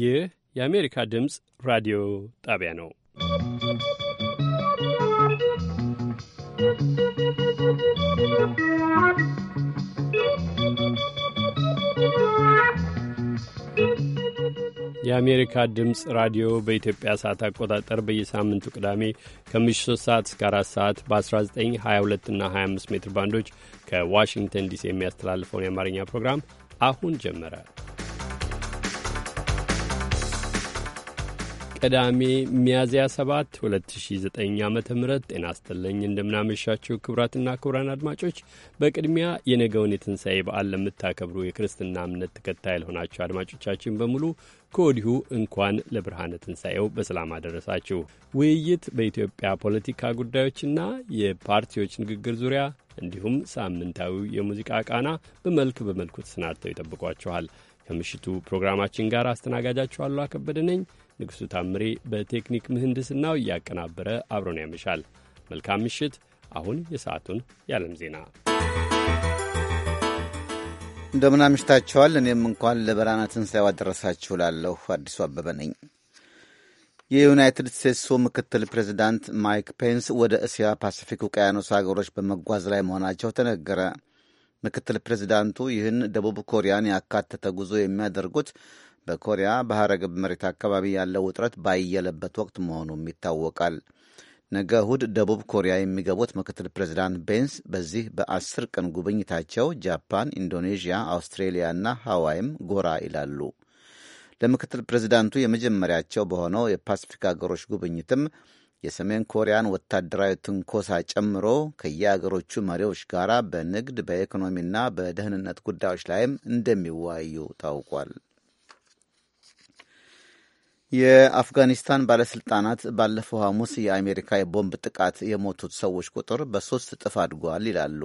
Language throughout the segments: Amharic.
ይህ የአሜሪካ ድምፅ ራዲዮ ጣቢያ ነው። የአሜሪካ ድምፅ ራዲዮ በኢትዮጵያ ሰዓት አቆጣጠር በየሳምንቱ ቅዳሜ ከምሽ 3 ሰዓት እስከ 4 ሰዓት በ 1922 እና 25 ሜትር ባንዶች ከዋሽንግተን ዲሲ የሚያስተላልፈውን የአማርኛ ፕሮግራም አሁን ጀመረ። ቅዳሜ ሚያዝያ 7 2009 ዓ ም ጤና ይስጥልኝ እንደምናመሻችሁ ክቡራትና ክቡራን አድማጮች በቅድሚያ የነገውን የትንሣኤ በዓል ለምታከብሩ የክርስትና እምነት ተከታይ ለሆናችሁ አድማጮቻችን በሙሉ ከወዲሁ እንኳን ለብርሃነ ትንሣኤው በሰላም አደረሳችሁ። ውይይት በኢትዮጵያ ፖለቲካ ጉዳዮችና የፓርቲዎች ንግግር ዙሪያ እንዲሁም ሳምንታዊው የሙዚቃ ቃና በመልክ በመልኩ ተሰናድተው ይጠብቋችኋል። ከምሽቱ ፕሮግራማችን ጋር አስተናጋጃችኋለሁ አከበደ ነኝ። ንጉሡ ታምሬ በቴክኒክ ምህንድስናው እያቀናበረ አብሮን ያመሻል። መልካም ምሽት። አሁን የሰዓቱን የዓለም ዜና እንደምን አምሽታችኋል። እኔም እንኳን ለበራና ትንሣኤ አደረሳችሁ ላለሁ አዲሱ አበበ ነኝ። የዩናይትድ ስቴትሱ ምክትል ፕሬዚዳንት ማይክ ፔንስ ወደ እስያ ፓሲፊክ ውቅያኖስ አገሮች በመጓዝ ላይ መሆናቸው ተነገረ። ምክትል ፕሬዚዳንቱ ይህን ደቡብ ኮሪያን ያካተተ ጉዞ የሚያደርጉት በኮሪያ ባህረ ገብ መሬት አካባቢ ያለው ውጥረት ባየለበት ወቅት መሆኑም ይታወቃል። ነገ እሁድ ደቡብ ኮሪያ የሚገቡት ምክትል ፕሬዚዳንት ቤንስ በዚህ በአስር ቀን ጉብኝታቸው ጃፓን፣ ኢንዶኔዥያ፣ አውስትሬሊያ እና ሃዋይም ጎራ ይላሉ። ለምክትል ፕሬዚዳንቱ የመጀመሪያቸው በሆነው የፓስፊክ አገሮች ጉብኝትም የሰሜን ኮሪያን ወታደራዊ ትንኮሳ ጨምሮ ከየአገሮቹ መሪዎች ጋር በንግድ በኢኮኖሚና በደህንነት ጉዳዮች ላይም እንደሚወያዩ ታውቋል። የአፍጋኒስታን ባለስልጣናት ባለፈው ሐሙስ የአሜሪካ የቦምብ ጥቃት የሞቱት ሰዎች ቁጥር በሦስት እጥፍ አድጓል ይላሉ።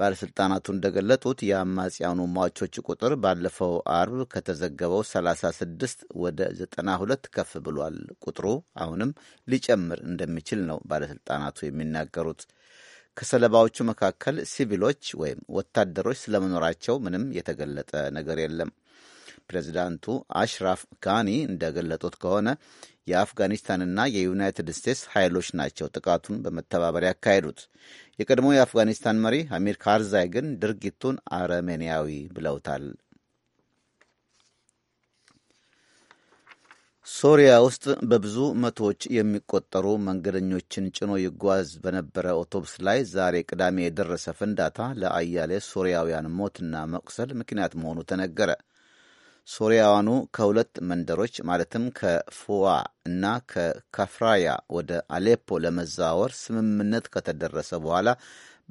ባለሥልጣናቱ እንደገለጡት የአማጽያኑ ሟቾች ቁጥር ባለፈው አርብ ከተዘገበው 36 ወደ 92 ከፍ ብሏል። ቁጥሩ አሁንም ሊጨምር እንደሚችል ነው ባለሥልጣናቱ የሚናገሩት። ከሰለባዎቹ መካከል ሲቪሎች ወይም ወታደሮች ስለመኖራቸው ምንም የተገለጠ ነገር የለም። ፕሬዚዳንቱ አሽራፍ ጋኒ እንደገለጡት ከሆነ የአፍጋኒስታንና የዩናይትድ ስቴትስ ኃይሎች ናቸው ጥቃቱን በመተባበር ያካሄዱት። የቀድሞ የአፍጋኒስታን መሪ አሚር ካርዛይ ግን ድርጊቱን አረሜንያዊ ብለውታል። ሶሪያ ውስጥ በብዙ መቶዎች የሚቆጠሩ መንገደኞችን ጭኖ ይጓዝ በነበረ አውቶቡስ ላይ ዛሬ ቅዳሜ የደረሰ ፍንዳታ ለአያሌ ሶሪያውያን ሞትና መቁሰል ምክንያት መሆኑ ተነገረ። ሶሪያውያኑ ከሁለት መንደሮች ማለትም ከፉዋ እና ከካፍራያ ወደ አሌፖ ለመዛወር ስምምነት ከተደረሰ በኋላ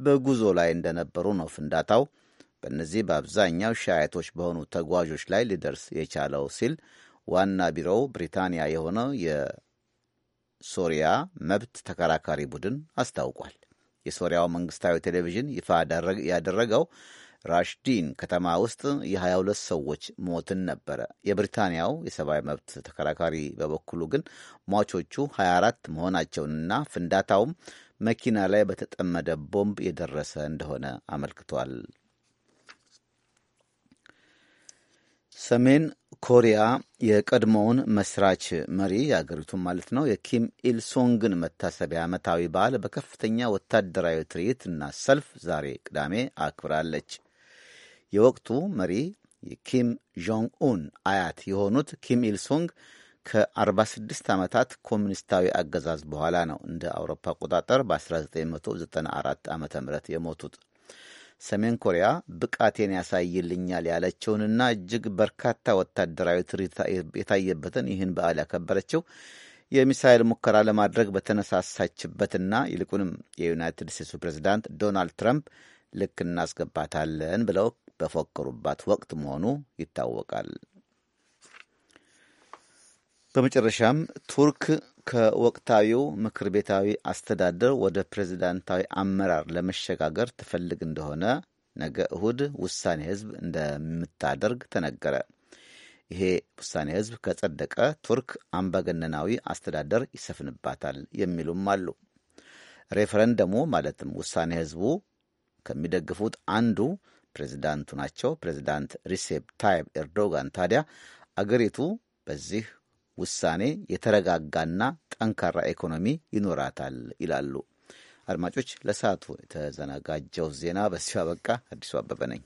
በጉዞ ላይ እንደነበሩ ነው ፍንዳታው በእነዚህ በአብዛኛው ሻያቶች በሆኑ ተጓዦች ላይ ሊደርስ የቻለው ሲል ዋና ቢሮው ብሪታንያ የሆነው የሶሪያ መብት ተከራካሪ ቡድን አስታውቋል። የሶሪያው መንግስታዊ ቴሌቪዥን ይፋ ያደረገው ራሽዲን ከተማ ውስጥ የ22 ሰዎች ሞትን ነበረ። የብሪታንያው የሰብአዊ መብት ተከራካሪ በበኩሉ ግን ሟቾቹ 24 መሆናቸውንና ፍንዳታውም መኪና ላይ በተጠመደ ቦምብ የደረሰ እንደሆነ አመልክቷል። ሰሜን ኮሪያ የቀድሞውን መስራች መሪ የአገሪቱን ማለት ነው የኪም ኢልሶንግን መታሰቢያ ዓመታዊ በዓል በከፍተኛ ወታደራዊ ትርኢትና ሰልፍ ዛሬ ቅዳሜ አክብራለች። የወቅቱ መሪ ኪም ጆንግ ኡን አያት የሆኑት ኪም ኢልሱንግ ከ46 ዓመታት ኮሚኒስታዊ አገዛዝ በኋላ ነው እንደ አውሮፓ አቆጣጠር በ1994 ዓ ም የሞቱት። ሰሜን ኮሪያ ብቃቴን ያሳይልኛል ያለችውንና እጅግ በርካታ ወታደራዊ ትርኢት የታየበትን ይህን በዓል ያከበረችው የሚሳይል ሙከራ ለማድረግ በተነሳሳችበትና ይልቁንም የዩናይትድ ስቴትሱ ፕሬዚዳንት ዶናልድ ትራምፕ ልክ እናስገባታለን ብለው በፎከሩባት ወቅት መሆኑ ይታወቃል። በመጨረሻም ቱርክ ከወቅታዊው ምክር ቤታዊ አስተዳደር ወደ ፕሬዚዳንታዊ አመራር ለመሸጋገር ትፈልግ እንደሆነ ነገ እሁድ ውሳኔ ህዝብ እንደምታደርግ ተነገረ። ይሄ ውሳኔ ህዝብ ከጸደቀ ቱርክ አምባገነናዊ አስተዳደር ይሰፍንባታል የሚሉም አሉ። ሬፈረንደሙ ማለትም ውሳኔ ህዝቡ ከሚደግፉት አንዱ ፕሬዚዳንቱ ናቸው። ፕሬዚዳንት ሪሴፕ ታይብ ኤርዶጋን ታዲያ አገሪቱ በዚህ ውሳኔ የተረጋጋና ጠንካራ ኢኮኖሚ ይኖራታል ይላሉ። አድማጮች፣ ለሰዓቱ የተዘነጋጀው ዜና በዚሁ አበቃ። አዲሱ አበበ ነኝ።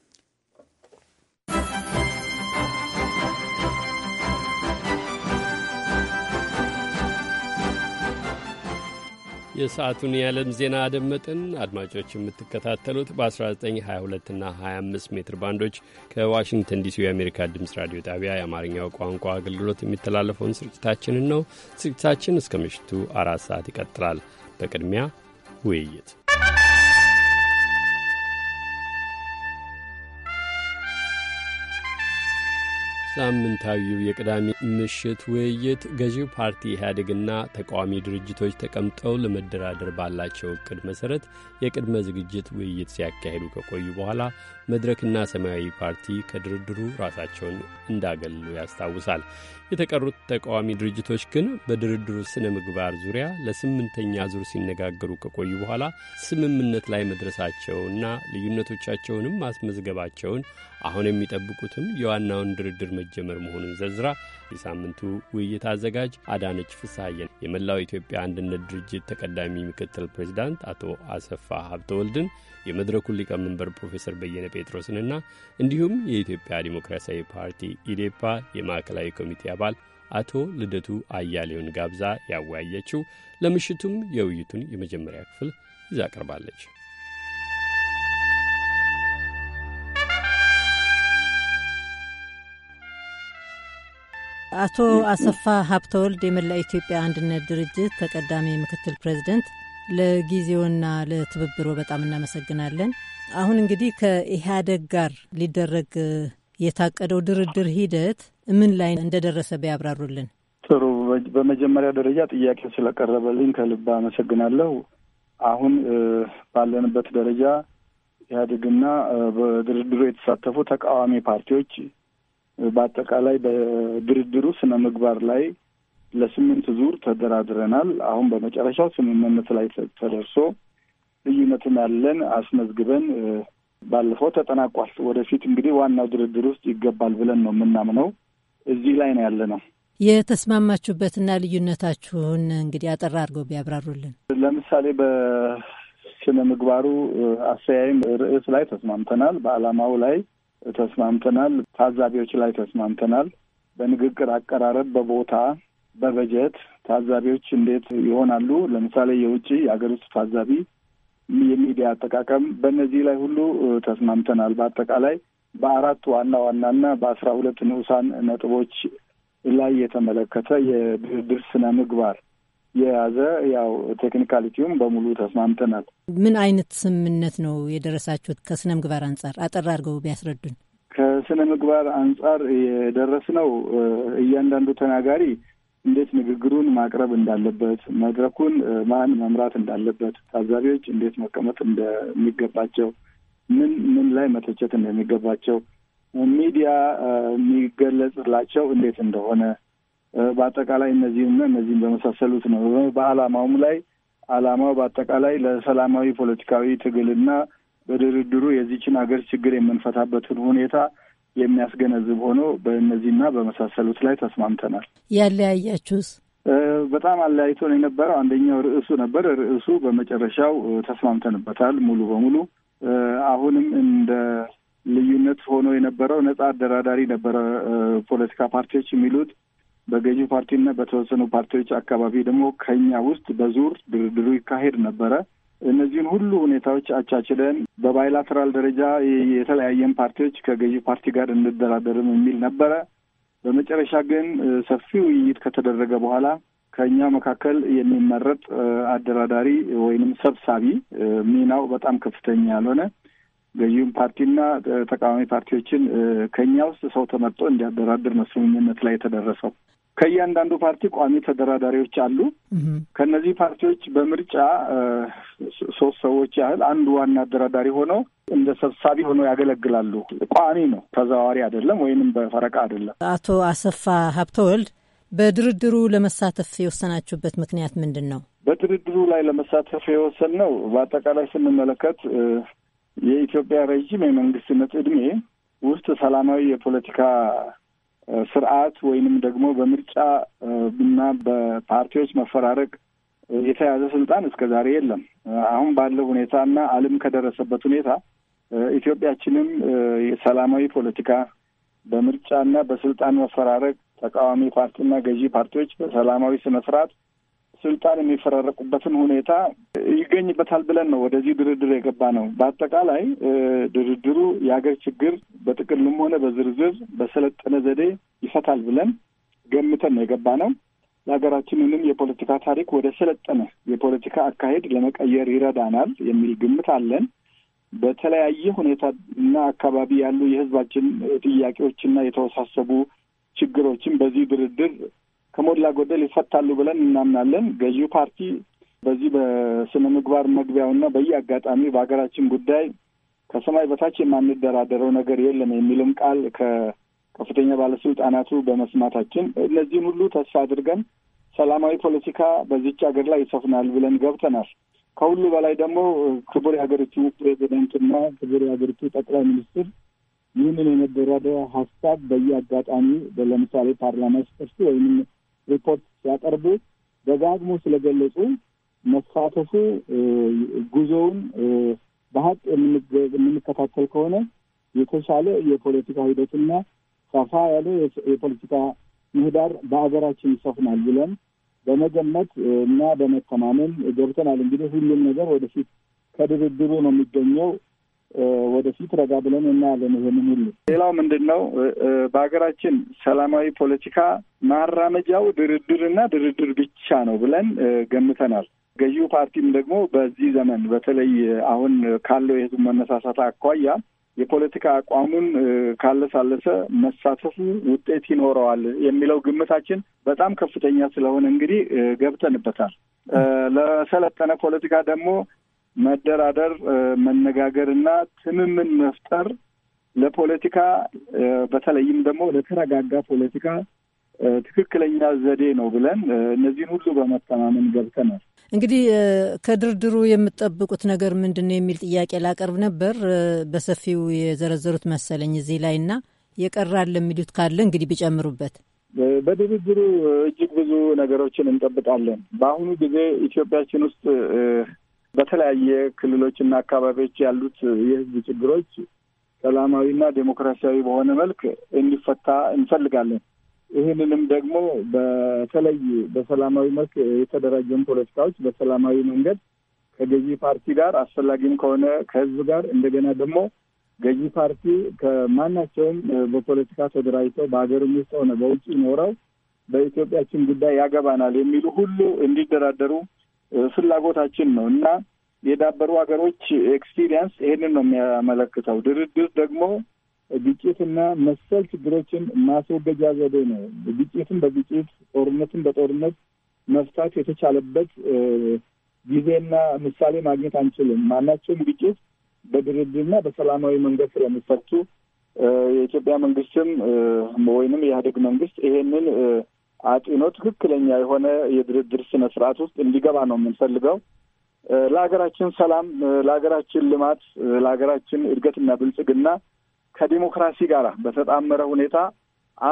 የሰዓቱን የዓለም ዜና አደመጥን። አድማጮች የምትከታተሉት በ1922 እና 25 ሜትር ባንዶች ከዋሽንግተን ዲሲ የአሜሪካ ድምፅ ራዲዮ ጣቢያ የአማርኛው ቋንቋ አገልግሎት የሚተላለፈውን ስርጭታችንን ነው። ስርጭታችን እስከ ምሽቱ አራት ሰዓት ይቀጥላል። በቅድሚያ ውይይት ሳምንታዊው የቅዳሜ ምሽት ውይይት ገዢው ፓርቲ ኢህአዴግና ተቃዋሚ ድርጅቶች ተቀምጠው ለመደራደር ባላቸው እቅድ መሠረት የቅድመ ዝግጅት ውይይት ሲያካሂዱ ከቆዩ በኋላ መድረክና ሰማያዊ ፓርቲ ከድርድሩ ራሳቸውን እንዳገልሉ ያስታውሳል። የተቀሩት ተቃዋሚ ድርጅቶች ግን በድርድሩ ስነ ምግባር ዙሪያ ለስምንተኛ ዙር ሲነጋገሩ ከቆዩ በኋላ ስምምነት ላይ መድረሳቸውና ልዩነቶቻቸውንም ማስመዝገባቸውን አሁን የሚጠብቁትም የዋናውን ድርድር መጀመር መሆኑን ዘዝራ የሳምንቱ ውይይት አዘጋጅ አዳነች ፍስሐየን የመላው ኢትዮጵያ አንድነት ድርጅት ተቀዳሚ ምክትል ፕሬዚዳንት አቶ አሰፋ ሀብተወልድን የመድረኩን ሊቀመንበር ፕሮፌሰር በየነ ጴጥሮስንና እንዲሁም የኢትዮጵያ ዲሞክራሲያዊ ፓርቲ ኢዴፓ የማዕከላዊ ኮሚቴ አባል አቶ ልደቱ አያሌውን ጋብዛ ያወያየችው ለምሽቱም የውይይቱን የመጀመሪያ ክፍል ይዛ ቀርባለች። አቶ አሰፋ ሀብተወልድ የመላ ኢትዮጵያ አንድነት ድርጅት ተቀዳሚ ምክትል ፕሬዚደንት ለጊዜውና ለትብብሮ በጣም እናመሰግናለን። አሁን እንግዲህ ከኢህአደግ ጋር ሊደረግ የታቀደው ድርድር ሂደት ምን ላይ እንደደረሰ ቢያብራሩልን። ጥሩ። በመጀመሪያ ደረጃ ጥያቄ ስለቀረበልኝ ከልብ አመሰግናለሁ። አሁን ባለንበት ደረጃ ኢህአዴግና በድርድሩ የተሳተፉ ተቃዋሚ ፓርቲዎች በአጠቃላይ በድርድሩ ስነ ምግባር ላይ ለስምንት ዙር ተደራድረናል። አሁን በመጨረሻው ስምምነት ላይ ተደርሶ ልዩነትን ያለን አስመዝግበን ባለፈው ተጠናቋል። ወደፊት እንግዲህ ዋናው ድርድር ውስጥ ይገባል ብለን ነው የምናምነው። እዚህ ላይ ነው ያለ ነው የተስማማችሁበትና ልዩነታችሁን እንግዲህ አጠር አድርገው ቢያብራሩልን። ለምሳሌ በስነ ምግባሩ አስተያይም ርዕስ ላይ ተስማምተናል። በዓላማው ላይ ተስማምተናል። ታዛቢዎች ላይ ተስማምተናል። በንግግር አቀራረብ፣ በቦታ በበጀት ታዛቢዎች እንዴት ይሆናሉ? ለምሳሌ የውጭ የሀገር ውስጥ ታዛቢ፣ የሚዲያ አጠቃቀም፣ በእነዚህ ላይ ሁሉ ተስማምተናል። በአጠቃላይ በአራት ዋና ዋናና በአስራ ሁለት ንዑሳን ነጥቦች ላይ የተመለከተ የድርድር ስነ ምግባር የያዘ ያው ቴክኒካሊቲውም በሙሉ ተስማምተናል። ምን አይነት ስምምነት ነው የደረሳችሁት? ከስነ ምግባር አንጻር አጠር አድርገው ቢያስረዱን። ከስነ ምግባር አንጻር የደረስነው እያንዳንዱ ተናጋሪ እንዴት ንግግሩን ማቅረብ እንዳለበት፣ መድረኩን ማን መምራት እንዳለበት፣ ታዛቢዎች እንዴት መቀመጥ እንደሚገባቸው፣ ምን ምን ላይ መተቸት እንደሚገባቸው፣ ሚዲያ የሚገለጽላቸው እንዴት እንደሆነ በአጠቃላይ እነዚህና እነዚህም በመሳሰሉት ነው። በአላማውም ላይ አላማው በአጠቃላይ ለሰላማዊ ፖለቲካዊ ትግልና በድርድሩ የዚችን ሀገር ችግር የምንፈታበትን ሁኔታ የሚያስገነዝብ ሆኖ በእነዚህና በመሳሰሉት ላይ ተስማምተናል። ያለያያችሁስ? በጣም አለያይቶን የነበረው አንደኛው ርዕሱ ነበር። ርዕሱ በመጨረሻው ተስማምተንበታል ሙሉ በሙሉ። አሁንም እንደ ልዩነት ሆኖ የነበረው ነጻ አደራዳሪ ነበረ። ፖለቲካ ፓርቲዎች የሚሉት በገዢ ፓርቲና በተወሰኑ ፓርቲዎች አካባቢ ደግሞ ከኛ ውስጥ በዙር ድርድሩ ይካሄድ ነበረ። እነዚህን ሁሉ ሁኔታዎች አቻችለን በባይላተራል ደረጃ የተለያየን ፓርቲዎች ከገዢ ፓርቲ ጋር እንደራደርም የሚል ነበረ። በመጨረሻ ግን ሰፊ ውይይት ከተደረገ በኋላ ከእኛ መካከል የሚመረጥ አደራዳሪ ወይንም ሰብሳቢ ሚናው በጣም ከፍተኛ ያልሆነ ገዢውን ፓርቲና ተቃዋሚ ፓርቲዎችን ከእኛ ውስጥ ሰው ተመርጦ እንዲያደራድር ነው ስምምነት ላይ የተደረሰው። ከእያንዳንዱ ፓርቲ ቋሚ ተደራዳሪዎች አሉ። ከእነዚህ ፓርቲዎች በምርጫ ሶስት ሰዎች ያህል አንዱ ዋና አደራዳሪ ሆነው እንደ ሰብሳቢ ሆነው ያገለግላሉ። ቋሚ ነው፣ ተዘዋዋሪ አይደለም፣ ወይንም በፈረቃ አይደለም። አቶ አሰፋ ሀብተወልድ በድርድሩ ለመሳተፍ የወሰናችሁበት ምክንያት ምንድን ነው? በድርድሩ ላይ ለመሳተፍ የወሰን ነው በአጠቃላይ ስንመለከት የኢትዮጵያ ረዥም የመንግስትነት እድሜ ውስጥ ሰላማዊ የፖለቲካ ስርዓት ወይንም ደግሞ በምርጫ እና በፓርቲዎች መፈራረቅ የተያዘ ስልጣን እስከ ዛሬ የለም። አሁን ባለው ሁኔታ እና ዓለም ከደረሰበት ሁኔታ ኢትዮጵያችንም የሰላማዊ ፖለቲካ በምርጫና በስልጣን መፈራረቅ ተቃዋሚ ፓርቲና ገዢ ፓርቲዎች በሰላማዊ ስነ ስርዓት ስልጣን የሚፈራረቁበትን ሁኔታ ይገኝበታል ብለን ነው ወደዚህ ድርድር የገባ ነው። በአጠቃላይ ድርድሩ የሀገር ችግር በጥቅልም ሆነ በዝርዝር በሰለጠነ ዘዴ ይፈታል ብለን ገምተን ነው የገባ ነው። የሀገራችንንም የፖለቲካ ታሪክ ወደ ሰለጠነ የፖለቲካ አካሄድ ለመቀየር ይረዳናል የሚል ግምት አለን። በተለያየ ሁኔታ እና አካባቢ ያሉ የህዝባችን ጥያቄዎችና የተወሳሰቡ ችግሮችን በዚህ ድርድር ከሞላ ጎደል ይፈታሉ ብለን እናምናለን። ገዢው ፓርቲ በዚህ በስነ ምግባር መግቢያውና በየአጋጣሚ በሀገራችን ጉዳይ ከሰማይ በታች የማንደራደረው ነገር የለም የሚልም ቃል ከከፍተኛ ባለስልጣናቱ በመስማታችን እነዚህን ሁሉ ተስፋ አድርገን ሰላማዊ ፖለቲካ በዚች ሀገር ላይ ይሰፍናል ብለን ገብተናል። ከሁሉ በላይ ደግሞ ክቡር የሀገሪቱ ፕሬዚደንትና ክቡር የሀገሪቱ ጠቅላይ ሚኒስትር ይህንን የመደራደሪያ ሀሳብ በየአጋጣሚ ለምሳሌ ፓርላማ ሲከፍቱ ወይም ሪፖርት ሲያቀርቡ ደጋግሞ ስለገለጹ መሳተፉ ጉዞውን በሀቅ የምንከታተል ከሆነ የተሻለ የፖለቲካ ሂደትና ሰፋ ያለ የፖለቲካ ምህዳር በሀገራችን ይሰፍናል ብለን በመገመት እና በመተማመን ገብተናል። እንግዲህ ሁሉም ነገር ወደፊት ከድርድሩ ነው የሚገኘው። ወደፊት ረጋ ብለን እናያለን። ይሄንን ሁሉ ሌላው ምንድን ነው በሀገራችን ሰላማዊ ፖለቲካ ማራመጃው ድርድርና ድርድር ብቻ ነው ብለን ገምተናል። ገዢው ፓርቲም ደግሞ በዚህ ዘመን በተለይ አሁን ካለው የህዝብ መነሳሳት አኳያ የፖለቲካ አቋሙን ካለሳለሰ መሳተፉ ውጤት ይኖረዋል የሚለው ግምታችን በጣም ከፍተኛ ስለሆነ እንግዲህ ገብተንበታል። ለሰለጠነ ፖለቲካ ደግሞ መደራደር፣ መነጋገርና ትምምን መፍጠር ለፖለቲካ በተለይም ደግሞ ለተረጋጋ ፖለቲካ ትክክለኛ ዘዴ ነው ብለን እነዚህን ሁሉ በመተማመን ገብተናል። እንግዲህ ከድርድሩ የምጠብቁት ነገር ምንድን ነው የሚል ጥያቄ ላቀርብ ነበር። በሰፊው የዘረዘሩት መሰለኝ እዚህ ላይ እና የቀራል የሚሉት ካለ እንግዲህ ቢጨምሩበት። በድርድሩ እጅግ ብዙ ነገሮችን እንጠብቃለን። በአሁኑ ጊዜ ኢትዮጵያችን ውስጥ በተለያየ ክልሎችና አካባቢዎች ያሉት የህዝብ ችግሮች ሰላማዊና ዴሞክራሲያዊ በሆነ መልክ እንዲፈታ እንፈልጋለን። ይህንንም ደግሞ በተለይ በሰላማዊ መልክ የተደራጀን ፖለቲካዎች በሰላማዊ መንገድ ከገዢ ፓርቲ ጋር አስፈላጊም ከሆነ ከህዝብ ጋር እንደገና ደግሞ ገዢ ፓርቲ ከማናቸውም በፖለቲካ ተደራጅተው በሀገርም ውስጥ ሆነ በውጭ ኖረው በኢትዮጵያችን ጉዳይ ያገባናል የሚሉ ሁሉ እንዲደራደሩ ፍላጎታችን ነው እና የዳበሩ ሀገሮች ኤክስፒሪየንስ ይሄንን ነው የሚያመለክተው። ድርድር ደግሞ ግጭትና መሰል ችግሮችን ማስወገጃ ዘዴ ነው። ግጭትን በግጭት ጦርነትን በጦርነት መፍታት የተቻለበት ጊዜና ምሳሌ ማግኘት አንችልም። ማናቸውም ግጭት በድርድርና በሰላማዊ መንገድ ስለሚፈቱ የኢትዮጵያ መንግስትም ወይንም የኢህአዴግ መንግስት ይሄንን አጢኖ ትክክለኛ የሆነ የድርድር ስነ ስርዓት ውስጥ እንዲገባ ነው የምንፈልገው። ለሀገራችን ሰላም፣ ለሀገራችን ልማት፣ ለሀገራችን እድገትና ብልጽግና ከዲሞክራሲ ጋር በተጣመረ ሁኔታ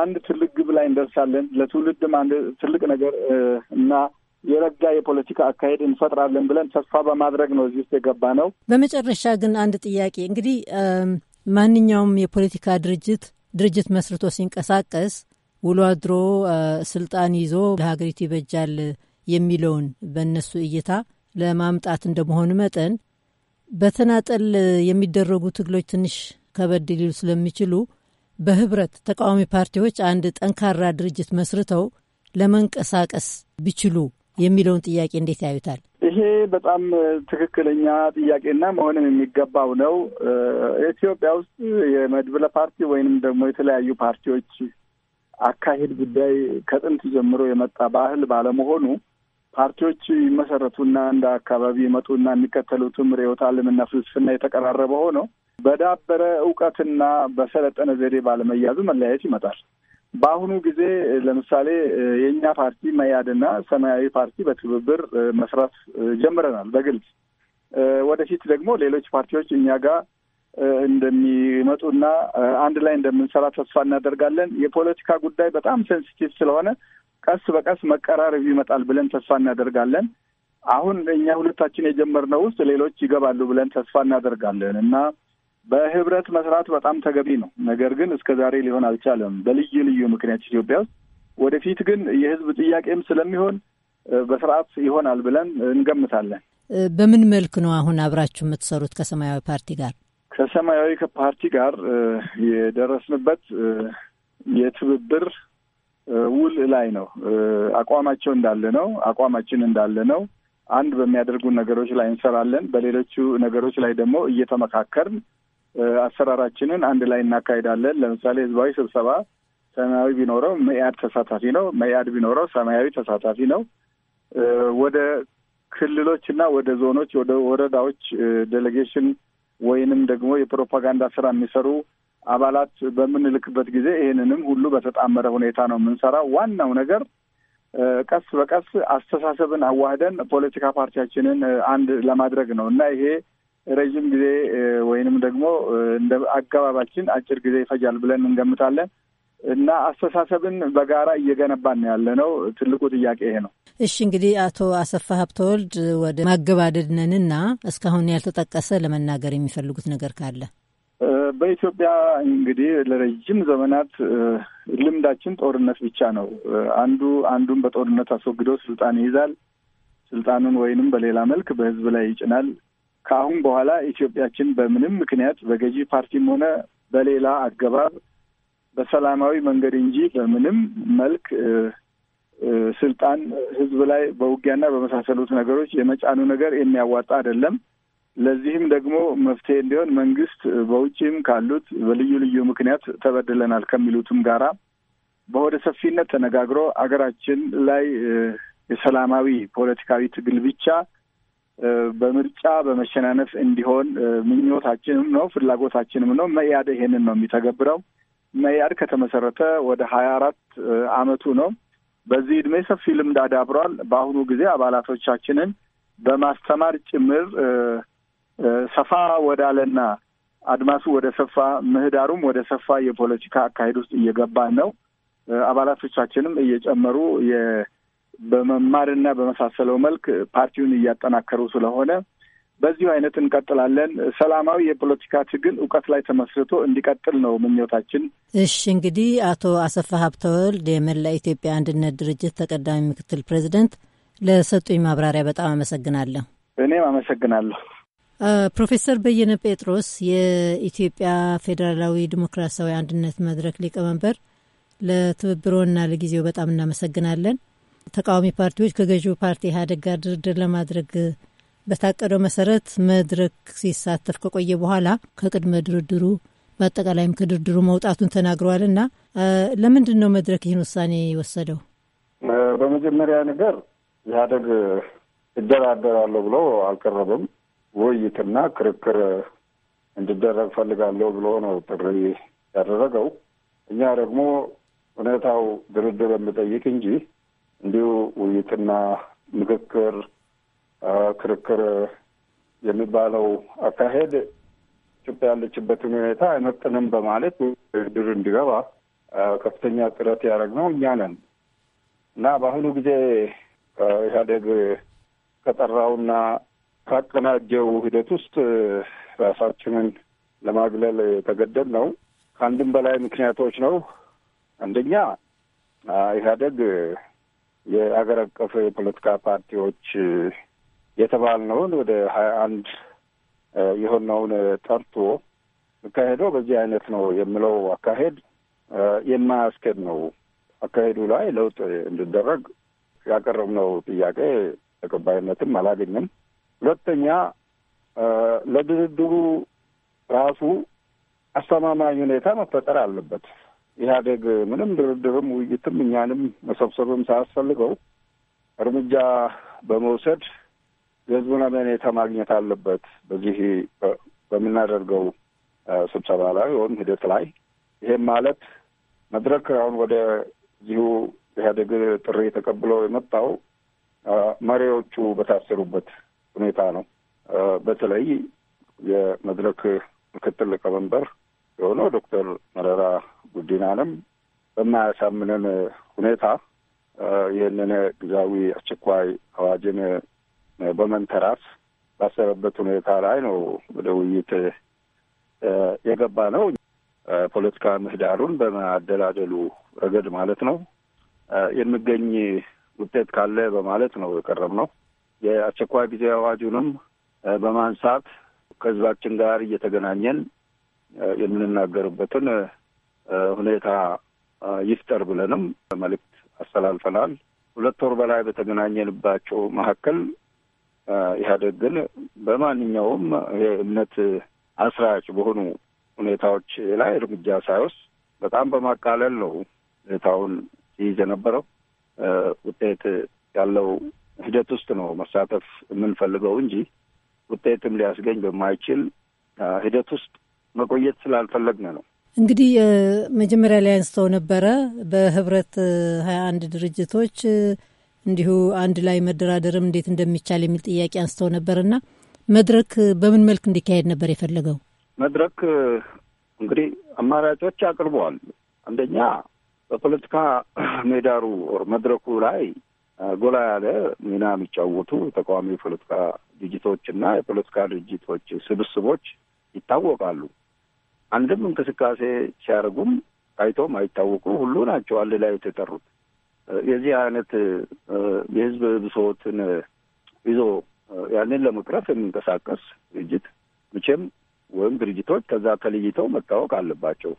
አንድ ትልቅ ግብ ላይ እንደርሳለን። ለትውልድም አንድ ትልቅ ነገር እና የረጋ የፖለቲካ አካሄድ እንፈጥራለን ብለን ተስፋ በማድረግ ነው እዚህ ውስጥ የገባ ነው። በመጨረሻ ግን አንድ ጥያቄ እንግዲህ ማንኛውም የፖለቲካ ድርጅት ድርጅት መስርቶ ሲንቀሳቀስ ውሎ አድሮ ስልጣን ይዞ ለሀገሪቱ ይበጃል የሚለውን በእነሱ እይታ ለማምጣት እንደመሆኑ መጠን በተናጠል የሚደረጉ ትግሎች ትንሽ ከበድ ሊሉ ስለሚችሉ በህብረት ተቃዋሚ ፓርቲዎች አንድ ጠንካራ ድርጅት መስርተው ለመንቀሳቀስ ቢችሉ የሚለውን ጥያቄ እንዴት ያዩታል? ይሄ በጣም ትክክለኛ ጥያቄና መሆንም የሚገባው ነው። ኢትዮጵያ ውስጥ የመድብለ ፓርቲ ወይንም ደግሞ የተለያዩ ፓርቲዎች አካሄድ ጉዳይ ከጥንት ጀምሮ የመጣ ባህል ባለመሆኑ ፓርቲዎች ይመሰረቱና እንደ አካባቢ ይመጡና የሚከተሉትም ርዕዮተ ዓለምና ፍልስፍና የተቀራረበ ሆኖ በዳበረ እውቀትና በሰለጠነ ዘዴ ባለመያዙ መለያየት ይመጣል። በአሁኑ ጊዜ ለምሳሌ የእኛ ፓርቲ መያድና ሰማያዊ ፓርቲ በትብብር መስራት ጀምረናል በግልጽ ወደፊት ደግሞ ሌሎች ፓርቲዎች እኛ ጋር እንደሚመጡና አንድ ላይ እንደምንሰራ ተስፋ እናደርጋለን። የፖለቲካ ጉዳይ በጣም ሴንሲቲቭ ስለሆነ ቀስ በቀስ መቀራረብ ይመጣል ብለን ተስፋ እናደርጋለን። አሁን እኛ ሁለታችን የጀመርነው ውስጥ ሌሎች ይገባሉ ብለን ተስፋ እናደርጋለን እና በህብረት መስራት በጣም ተገቢ ነው። ነገር ግን እስከ ዛሬ ሊሆን አልቻለም በልዩ ልዩ ምክንያት ኢትዮጵያ ውስጥ። ወደፊት ግን የህዝብ ጥያቄም ስለሚሆን በስርዓት ይሆናል ብለን እንገምታለን። በምን መልክ ነው አሁን አብራችሁ የምትሰሩት ከሰማያዊ ፓርቲ ጋር? ከሰማያዊ ፓርቲ ጋር የደረስንበት የትብብር ውል ላይ ነው። አቋማቸው እንዳለ ነው። አቋማችን እንዳለ ነው። አንድ በሚያደርጉን ነገሮች ላይ እንሰራለን። በሌሎቹ ነገሮች ላይ ደግሞ እየተመካከርን አሰራራችንን አንድ ላይ እናካሄዳለን። ለምሳሌ ህዝባዊ ስብሰባ ሰማያዊ ቢኖረው መኢአድ ተሳታፊ ነው። መኢአድ ቢኖረው ሰማያዊ ተሳታፊ ነው። ወደ ክልሎች እና ወደ ዞኖች፣ ወደ ወረዳዎች ዴሌጌሽን ወይንም ደግሞ የፕሮፓጋንዳ ስራ የሚሰሩ አባላት በምንልክበት ጊዜ ይህንንም ሁሉ በተጣመረ ሁኔታ ነው የምንሰራው። ዋናው ነገር ቀስ በቀስ አስተሳሰብን አዋህደን ፖለቲካ ፓርቲያችንን አንድ ለማድረግ ነው እና ይሄ ረዥም ጊዜ ወይንም ደግሞ እንደ አገባባችን አጭር ጊዜ ይፈጃል ብለን እንገምታለን። እና አስተሳሰብን በጋራ እየገነባን ነው ያለ ነው። ትልቁ ጥያቄ ይሄ ነው። እሺ እንግዲህ አቶ አሰፋ ሀብተወልድ ወደ ማገባደድ ነን እስካሁን ያልተጠቀሰ ለመናገር የሚፈልጉት ነገር ካለ በኢትዮጵያ እንግዲህ ለረጅም ዘመናት ልምዳችን ጦርነት ብቻ ነው። አንዱ አንዱን በጦርነት አስወግዶ ስልጣን ይይዛል። ስልጣኑን ወይንም በሌላ መልክ በህዝብ ላይ ይጭናል። ከአሁን በኋላ ኢትዮጵያችን በምንም ምክንያት በገዢ ፓርቲም ሆነ በሌላ አገባብ በሰላማዊ መንገድ እንጂ በምንም መልክ ስልጣን ህዝብ ላይ በውጊያና በመሳሰሉት ነገሮች የመጫኑ ነገር የሚያዋጣ አይደለም። ለዚህም ደግሞ መፍትሄ እንዲሆን መንግስት በውጭም ካሉት በልዩ ልዩ ምክንያት ተበድለናል ከሚሉትም ጋራ በሆደ ሰፊነት ተነጋግሮ አገራችን ላይ የሰላማዊ ፖለቲካዊ ትግል ብቻ በምርጫ በመሸናነፍ እንዲሆን ምኞታችንም ነው ፍላጎታችንም ነው። መያደ ይሄንን ነው የሚተገብረው። መያድ ከተመሰረተ ወደ ሀያ አራት አመቱ ነው። በዚህ እድሜ ሰፊ ልምድ አዳብሯል። በአሁኑ ጊዜ አባላቶቻችንን በማስተማር ጭምር ሰፋ ወዳለና አድማሱ ወደ ሰፋ ምህዳሩም ወደ ሰፋ የፖለቲካ አካሄድ ውስጥ እየገባን ነው። አባላቶቻችንም እየጨመሩ በመማርና በመሳሰለው መልክ ፓርቲውን እያጠናከሩ ስለሆነ በዚሁ አይነት እንቀጥላለን። ሰላማዊ የፖለቲካ ትግል እውቀት ላይ ተመስርቶ እንዲቀጥል ነው ምኞታችን። እሺ እንግዲህ አቶ አሰፋ ሀብተወልድ የመላ ኢትዮጵያ አንድነት ድርጅት ተቀዳሚ ምክትል ፕሬዚደንት ለሰጡኝ ማብራሪያ በጣም አመሰግናለሁ። እኔም አመሰግናለሁ። ፕሮፌሰር በየነ ጴጥሮስ የኢትዮጵያ ፌዴራላዊ ዲሞክራሲያዊ አንድነት መድረክ ሊቀመንበር፣ ለትብብሮና ለጊዜው በጣም እናመሰግናለን። ተቃዋሚ ፓርቲዎች ከገዢው ፓርቲ ኢህአዴግ ጋር ድርድር ለማድረግ በታቀደው መሰረት መድረክ ሲሳተፍ ከቆየ በኋላ ከቅድመ ድርድሩ በአጠቃላይም ከድርድሩ መውጣቱን ተናግረዋል። እና ለምንድን ነው መድረክ ይህን ውሳኔ የወሰደው? በመጀመሪያ ነገር ኢህአደግ እደራደራለሁ ብሎ አልቀረበም። ውይይትና ክርክር እንዲደረግ ፈልጋለሁ ብሎ ነው ጥሪ ያደረገው። እኛ ደግሞ ሁኔታው ድርድር የሚጠይቅ እንጂ እንዲሁ ውይይትና ምክክር ክርክር የሚባለው አካሄድ ኢትዮጵያ ያለችበትን ሁኔታ አይመጥንም በማለት ድር እንዲገባ ከፍተኛ ጥረት ያደረግነው እኛ ነን እና በአሁኑ ጊዜ ኢህአዴግ ከጠራውና ካቀናጀው ሂደት ውስጥ ራሳችንን ለማግለል የተገደድ ነው። ከአንድም በላይ ምክንያቶች ነው። አንደኛ ኢህአዴግ የአገር አቀፍ የፖለቲካ ፓርቲዎች የተባልነውን ወደ ሀያ አንድ የሆነውን ጠርቶ አካሄደው በዚህ አይነት ነው የምለው አካሄድ የማያስኬድ ነው። አካሄዱ ላይ ለውጥ እንዲደረግ ያቀረብነው ጥያቄ ተቀባይነትም አላገኘም። ሁለተኛ ለድርድሩ ራሱ አስተማማኝ ሁኔታ መፈጠር አለበት። ኢህአዴግ ምንም ድርድርም ውይይትም እኛንም መሰብሰብም ሳያስፈልገው እርምጃ በመውሰድ የህዝቡን አመኔታ ማግኘት አለበት። በዚህ በምናደርገው ስብሰባ ላይ ወይም ሂደት ላይ ይሄም ማለት መድረክ አሁን ወደ እዚሁ ኢህአዴግ ጥሪ ተቀብሎ የመጣው መሪዎቹ በታሰሩበት ሁኔታ ነው። በተለይ የመድረክ ምክትል ሊቀመንበር የሆነው ዶክተር መረራ ጉዲናንም በማያሳምንን ሁኔታ ይህንን ጊዜያዊ አስቸኳይ አዋጅን በመንተራስ ባሰበበት ሁኔታ ላይ ነው ወደ ውይይት የገባ ነው። ፖለቲካ ምህዳሩን በማደላደሉ ረገድ ማለት ነው የሚገኝ ውጤት ካለ በማለት ነው የቀረብ ነው። የአስቸኳይ ጊዜ አዋጁንም በማንሳት ከህዝባችን ጋር እየተገናኘን የምንናገርበትን ሁኔታ ይፍጠር ብለንም መልእክት አስተላልፈናል። ሁለት ወር በላይ በተገናኘንባቸው መካከል ኢህአዴግ ግን በማንኛውም የእምነት አስራጭ በሆኑ ሁኔታዎች ላይ እርምጃ ሳይወስድ በጣም በማቃለል ነው ሁኔታውን ሲይዝ የነበረው። ውጤት ያለው ሂደት ውስጥ ነው መሳተፍ የምንፈልገው እንጂ ውጤትም ሊያስገኝ በማይችል ሂደት ውስጥ መቆየት ስላልፈለግን ነው። እንግዲህ መጀመሪያ ላይ አንስተው ነበረ በህብረት ሀያ አንድ ድርጅቶች እንዲሁ አንድ ላይ መደራደርም እንዴት እንደሚቻል የሚል ጥያቄ አንስተው ነበርና መድረክ በምን መልክ እንዲካሄድ ነበር የፈለገው? መድረክ እንግዲህ አማራጮች አቅርበዋል። አንደኛ በፖለቲካ ሜዳሩ መድረኩ ላይ ጎላ ያለ ሚና የሚጫወቱ ተቃዋሚ የፖለቲካ ድርጅቶች እና የፖለቲካ ድርጅቶች ስብስቦች ይታወቃሉ። አንድም እንቅስቃሴ ሲያደርጉም ታይቶም አይታወቁ ሁሉ ናቸው አንድ ላይ የተጠሩት። የዚህ አይነት የህዝብ ብሶትን ይዞ ያንን ለመቅረፍ የሚንቀሳቀስ ድርጅት መቼም ወይም ድርጅቶች ከዛ ተለይተው መታወቅ አለባቸው።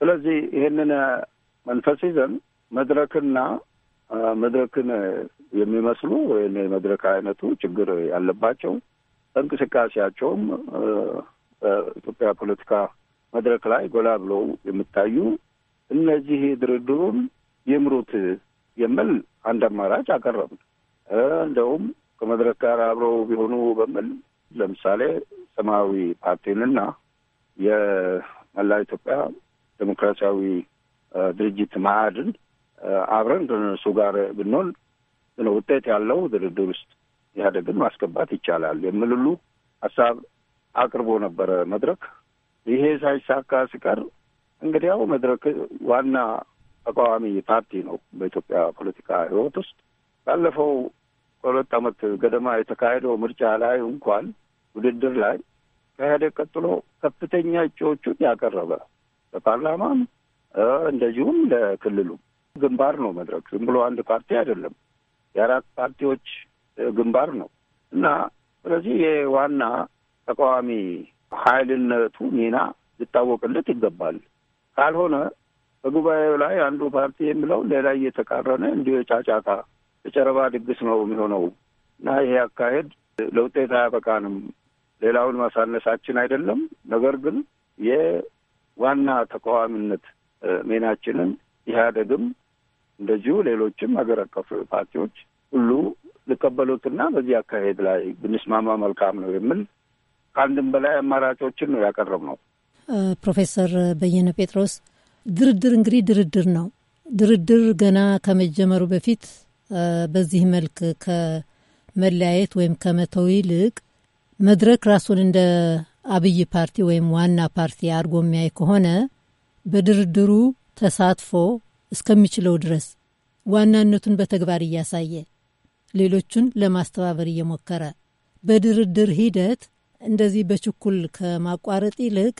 ስለዚህ ይህንን መንፈስ ይዘን መድረክና መድረክን የሚመስሉ ወይ የመድረክ አይነቱ ችግር ያለባቸው እንቅስቃሴያቸውም በኢትዮጵያ ፖለቲካ መድረክ ላይ ጎላ ብለው የሚታዩ እነዚህ ድርድሩን ይምሩት የሚል አንድ አማራጭ አቀረብን። እንደውም ከመድረክ ጋር አብረው ቢሆኑ በሚል ለምሳሌ ሰማያዊ ፓርቲንና የመላ ኢትዮጵያ ዴሞክራሲያዊ ድርጅት መአድን አብረን ከነሱ ጋር ብንሆን ውጤት ያለው ድርድር ውስጥ ኢህአዴግን ማስገባት ይቻላል የምልሉ ሀሳብ አቅርቦ ነበረ መድረክ። ይሄ ሳይሳካ ሲቀር እንግዲያው መድረክ ዋና ተቃዋሚ ፓርቲ ነው በኢትዮጵያ ፖለቲካ ህይወት ውስጥ ባለፈው ሁለት ዓመት ገደማ የተካሄደው ምርጫ ላይ እንኳን ውድድር ላይ ከኢህአዴግ ቀጥሎ ከፍተኛ እጩዎቹን ያቀረበ ለፓርላማም እንደዚሁም ለክልሉ ግንባር ነው። መድረክ ዝም ብሎ አንድ ፓርቲ አይደለም፣ የአራት ፓርቲዎች ግንባር ነው እና ስለዚህ የዋና ተቃዋሚ ኃይልነቱ ሚና ሊታወቅለት ይገባል። ካልሆነ በጉባኤው ላይ አንዱ ፓርቲ የሚለው ሌላ እየተቃረነ እንዲሁ የጫጫታ የጨረባ ድግስ ነው የሚሆነው እና ይሄ አካሄድ ለውጤት አያበቃንም። ሌላውን ማሳነሳችን አይደለም፣ ነገር ግን የዋና ተቃዋሚነት ሚናችንን ኢህአዴግም እንደዚሁ ሌሎችም ሀገር አቀፍ ፓርቲዎች ሁሉ ሊቀበሉትና በዚህ አካሄድ ላይ ብንስማማ መልካም ነው የሚል ከአንድም በላይ አማራጮችን ነው ያቀረብ ነው። ፕሮፌሰር በየነ ጴጥሮስ ድርድር እንግዲህ ድርድር ነው። ድርድር ገና ከመጀመሩ በፊት በዚህ መልክ ከመለያየት ወይም ከመተው ይልቅ መድረክ ራሱን እንደ አብይ ፓርቲ ወይም ዋና ፓርቲ አድርጎ የሚያይ ከሆነ በድርድሩ ተሳትፎ እስከሚችለው ድረስ ዋናነቱን በተግባር እያሳየ ሌሎቹን ለማስተባበር እየሞከረ በድርድር ሂደት እንደዚህ በችኩል ከማቋረጥ ይልቅ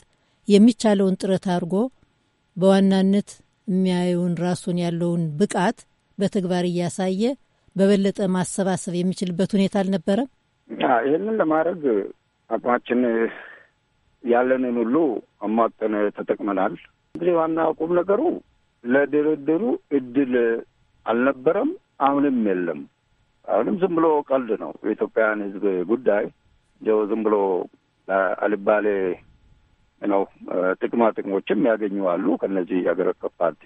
የሚቻለውን ጥረት አድርጎ በዋናነት የሚያየውን ራሱን ያለውን ብቃት በተግባር እያሳየ በበለጠ ማሰባሰብ የሚችልበት ሁኔታ አልነበረም። ይህንን ለማድረግ አቅማችን ያለንን ሁሉ አሟጠን ተጠቅመናል። እንግዲህ ዋና ቁም ነገሩ ለድርድሩ እድል አልነበረም፣ አሁንም የለም። አሁንም ዝም ብሎ ቀልድ ነው። የኢትዮጵያን ሕዝብ ጉዳይ እንደው ዝም ብሎ አልባሌ ነው ጥቅማ ጥቅሞችም ያገኙ አሉ። ከነዚህ የሀገር አቀፍ ፓርቲ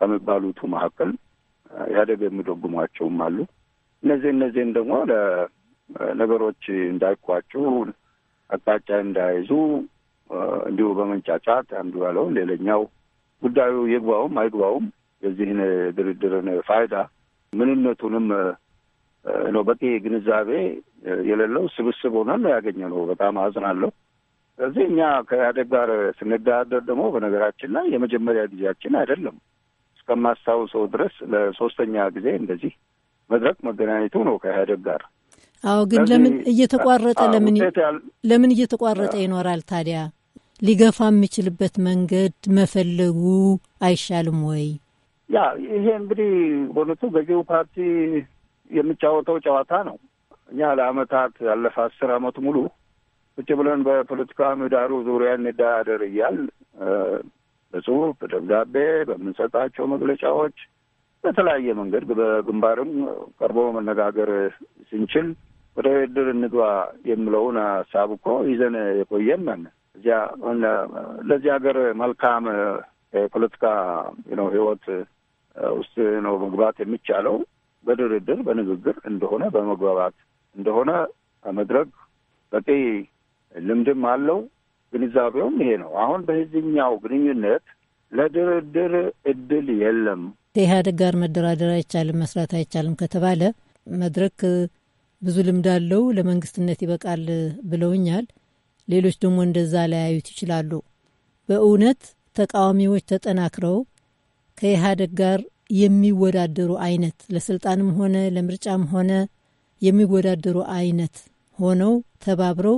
ከሚባሉቱ መካከል ኢህአዴግ የሚደጉሟቸውም አሉ። እነዚህ እነዚህም ደግሞ ለነገሮች እንዳይቋጩ አቅጣጫ እንዳይዙ እንዲሁ በመንጫጫት አንዱ ያለውን ሌላኛው ጉዳዩ ይግባውም አይግባውም የዚህን ድርድርን ፋይዳ ምንነቱንም ነው በቂ ግንዛቤ የሌለው ስብስብ ሆነን ነው ያገኘ ነው። በጣም አዝናለሁ። ስለዚህ እኛ ከኢህአዴግ ጋር ስንደራደር ደግሞ በነገራችን ላይ የመጀመሪያ ጊዜያችን አይደለም። እስከማስታውሰው ድረስ ለሶስተኛ ጊዜ እንደዚህ መድረክ መገናኘቱ ነው ከኢህአዴግ ጋር። አዎ፣ ግን ለምን እየተቋረጠ ለምን ለምን እየተቋረጠ ይኖራል ታዲያ? ሊገፋ የሚችልበት መንገድ መፈለጉ አይሻልም ወይ? ያ ይሄ እንግዲህ በእውነቱ ገዢው ፓርቲ የሚጫወተው ጨዋታ ነው። እኛ ለአመታት ያለፈ አስር አመት ሙሉ ውጭ ብለን በፖለቲካ ምህዳሩ ዙሪያ እንደራደር እያል በጽሁፍ በደብዳቤ በምንሰጣቸው መግለጫዎች በተለያየ መንገድ በግንባርም ቀርቦ መነጋገር ስንችል ወደ ድርድር እንግባ የምለውን ሀሳብ እኮ ይዘን የቆየን እዚያ ለዚህ ሀገር መልካም የፖለቲካ ነው ህይወት ውስጥ ነው መግባት የሚቻለው በድርድር በንግግር እንደሆነ በመግባባት እንደሆነ መድረክ በቂ ልምድም አለው። ግንዛቤውም ይሄ ነው። አሁን በዚህኛው ግንኙነት ለድርድር እድል የለም። ከኢህአዴግ ጋር መደራደር አይቻልም፣ መስራት አይቻልም ከተባለ መድረክ ብዙ ልምድ አለው፣ ለመንግስትነት ይበቃል ብለውኛል። ሌሎች ደግሞ እንደዛ ላያዩት ይችላሉ። በእውነት ተቃዋሚዎች ተጠናክረው ከኢህአዴግ ጋር የሚወዳደሩ አይነት ለስልጣንም ሆነ ለምርጫም ሆነ የሚወዳደሩ አይነት ሆነው ተባብረው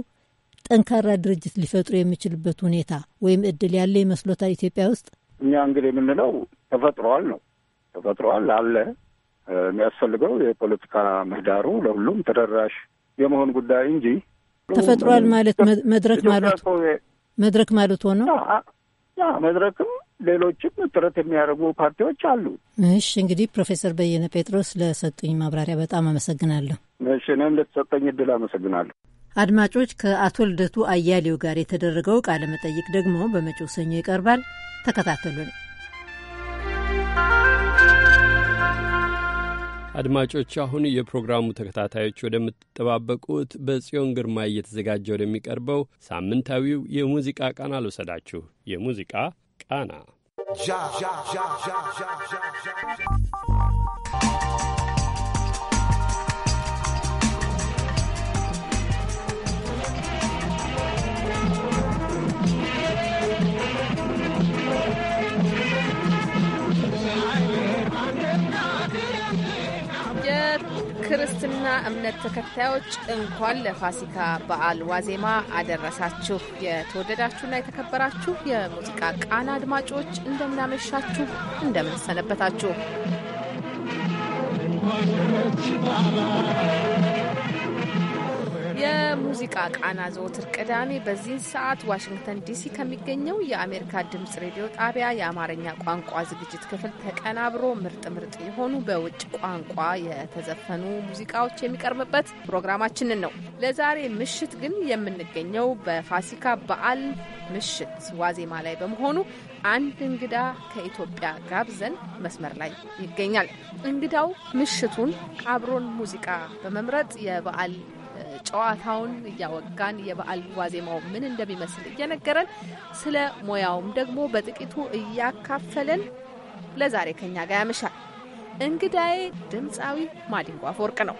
ጠንካራ ድርጅት ሊፈጥሩ የሚችልበት ሁኔታ ወይም እድል ያለ ይመስሎታል? ኢትዮጵያ ውስጥ እኛ እንግዲህ የምንለው ተፈጥሯል ነው። ተፈጥሯል አለ። የሚያስፈልገው የፖለቲካ ምህዳሩ ለሁሉም ተደራሽ የመሆን ጉዳይ እንጂ ተፈጥሯል ማለት መድረክ ማለት መድረክ ማለት ሆኖ መድረክም ሌሎችም ጥረት የሚያደርጉ ፓርቲዎች አሉ። እሺ እንግዲህ ፕሮፌሰር በየነ ጴጥሮስ ለሰጡኝ ማብራሪያ በጣም አመሰግናለሁ። እሺ እኔም ለተሰጠኝ እድል አመሰግናለሁ። አድማጮች፣ ከአቶ ልደቱ አያሌው ጋር የተደረገው ቃለ መጠይቅ ደግሞ በመጪው ሰኞ ይቀርባል። ተከታተሉን። አድማጮች አሁን የፕሮግራሙ ተከታታዮች ወደምትጠባበቁት በጽዮን ግርማ እየተዘጋጀ ወደሚቀርበው ሳምንታዊው የሙዚቃ ቃና ልውሰዳችሁ። የሙዚቃ ቃና ክርስትና እምነት ተከታዮች እንኳን ለፋሲካ በዓል ዋዜማ አደረሳችሁ። የተወደዳችሁና የተከበራችሁ የሙዚቃ ቃና አድማጮች እንደምናመሻችሁ፣ እንደምንሰነበታችሁ የሙዚቃ ቃና ዘወትር ቅዳሜ በዚህ ሰዓት ዋሽንግተን ዲሲ ከሚገኘው የአሜሪካ ድምጽ ሬዲዮ ጣቢያ የአማርኛ ቋንቋ ዝግጅት ክፍል ተቀናብሮ ምርጥ ምርጥ የሆኑ በውጭ ቋንቋ የተዘፈኑ ሙዚቃዎች የሚቀርብበት ፕሮግራማችንን ነው። ለዛሬ ምሽት ግን የምንገኘው በፋሲካ በዓል ምሽት ዋዜማ ላይ በመሆኑ አንድ እንግዳ ከኢትዮጵያ ጋብዘን መስመር ላይ ይገኛል። እንግዳው ምሽቱን አብሮን ሙዚቃ በመምረጥ የበዓል ጨዋታውን እያወጋን የበዓል ዋዜማው ምን እንደሚመስል እየነገረን ስለ ሙያውም ደግሞ በጥቂቱ እያካፈለን ለዛሬ ከኛ ጋር ያመሻል። እንግዳዬ ድምፃዊ ማዲንጎ አፈወርቅ ነው።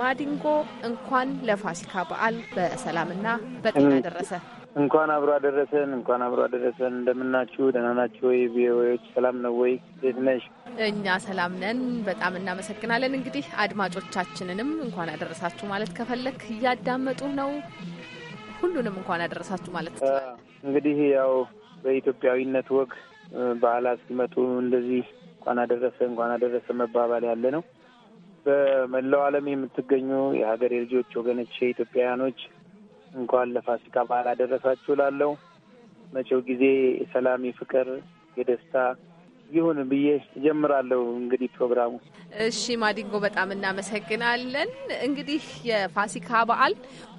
ማዲንጎ እንኳን ለፋሲካ በዓል በሰላምና በጤና ደረሰ። እንኳን አብሮ አደረሰን። እንኳን አብሮ አደረሰን። እንደምናችሁ ደህና ናችሁ ወይ? ቪኦኤዎች ሰላም ነው ወይ? እንዴት ነሽ? እኛ ሰላም ነን። በጣም እናመሰግናለን። እንግዲህ አድማጮቻችንንም እንኳን አደረሳችሁ ማለት ከፈለክ እያዳመጡ ነው። ሁሉንም እንኳን አደረሳችሁ ማለት እንግዲህ ያው በኢትዮጵያዊነት ወግ በዓላት ሲመጡ እንደዚህ እንኳን አደረሰ እንኳን አደረሰ መባባል ያለ ነው። በመላው ዓለም የምትገኙ የሀገሬ ልጆች ወገኖች፣ ኢትዮጵያውያኖች። እንኳን ለፋሲካ በዓል አደረሳችሁ ላለው መቼው ጊዜ የሰላም የፍቅር የደስታ ይሁን ብዬ ጀምራለሁ እንግዲህ ፕሮግራሙ እሺ። ማዲንጎ በጣም እናመሰግናለን። እንግዲህ የፋሲካ በዓል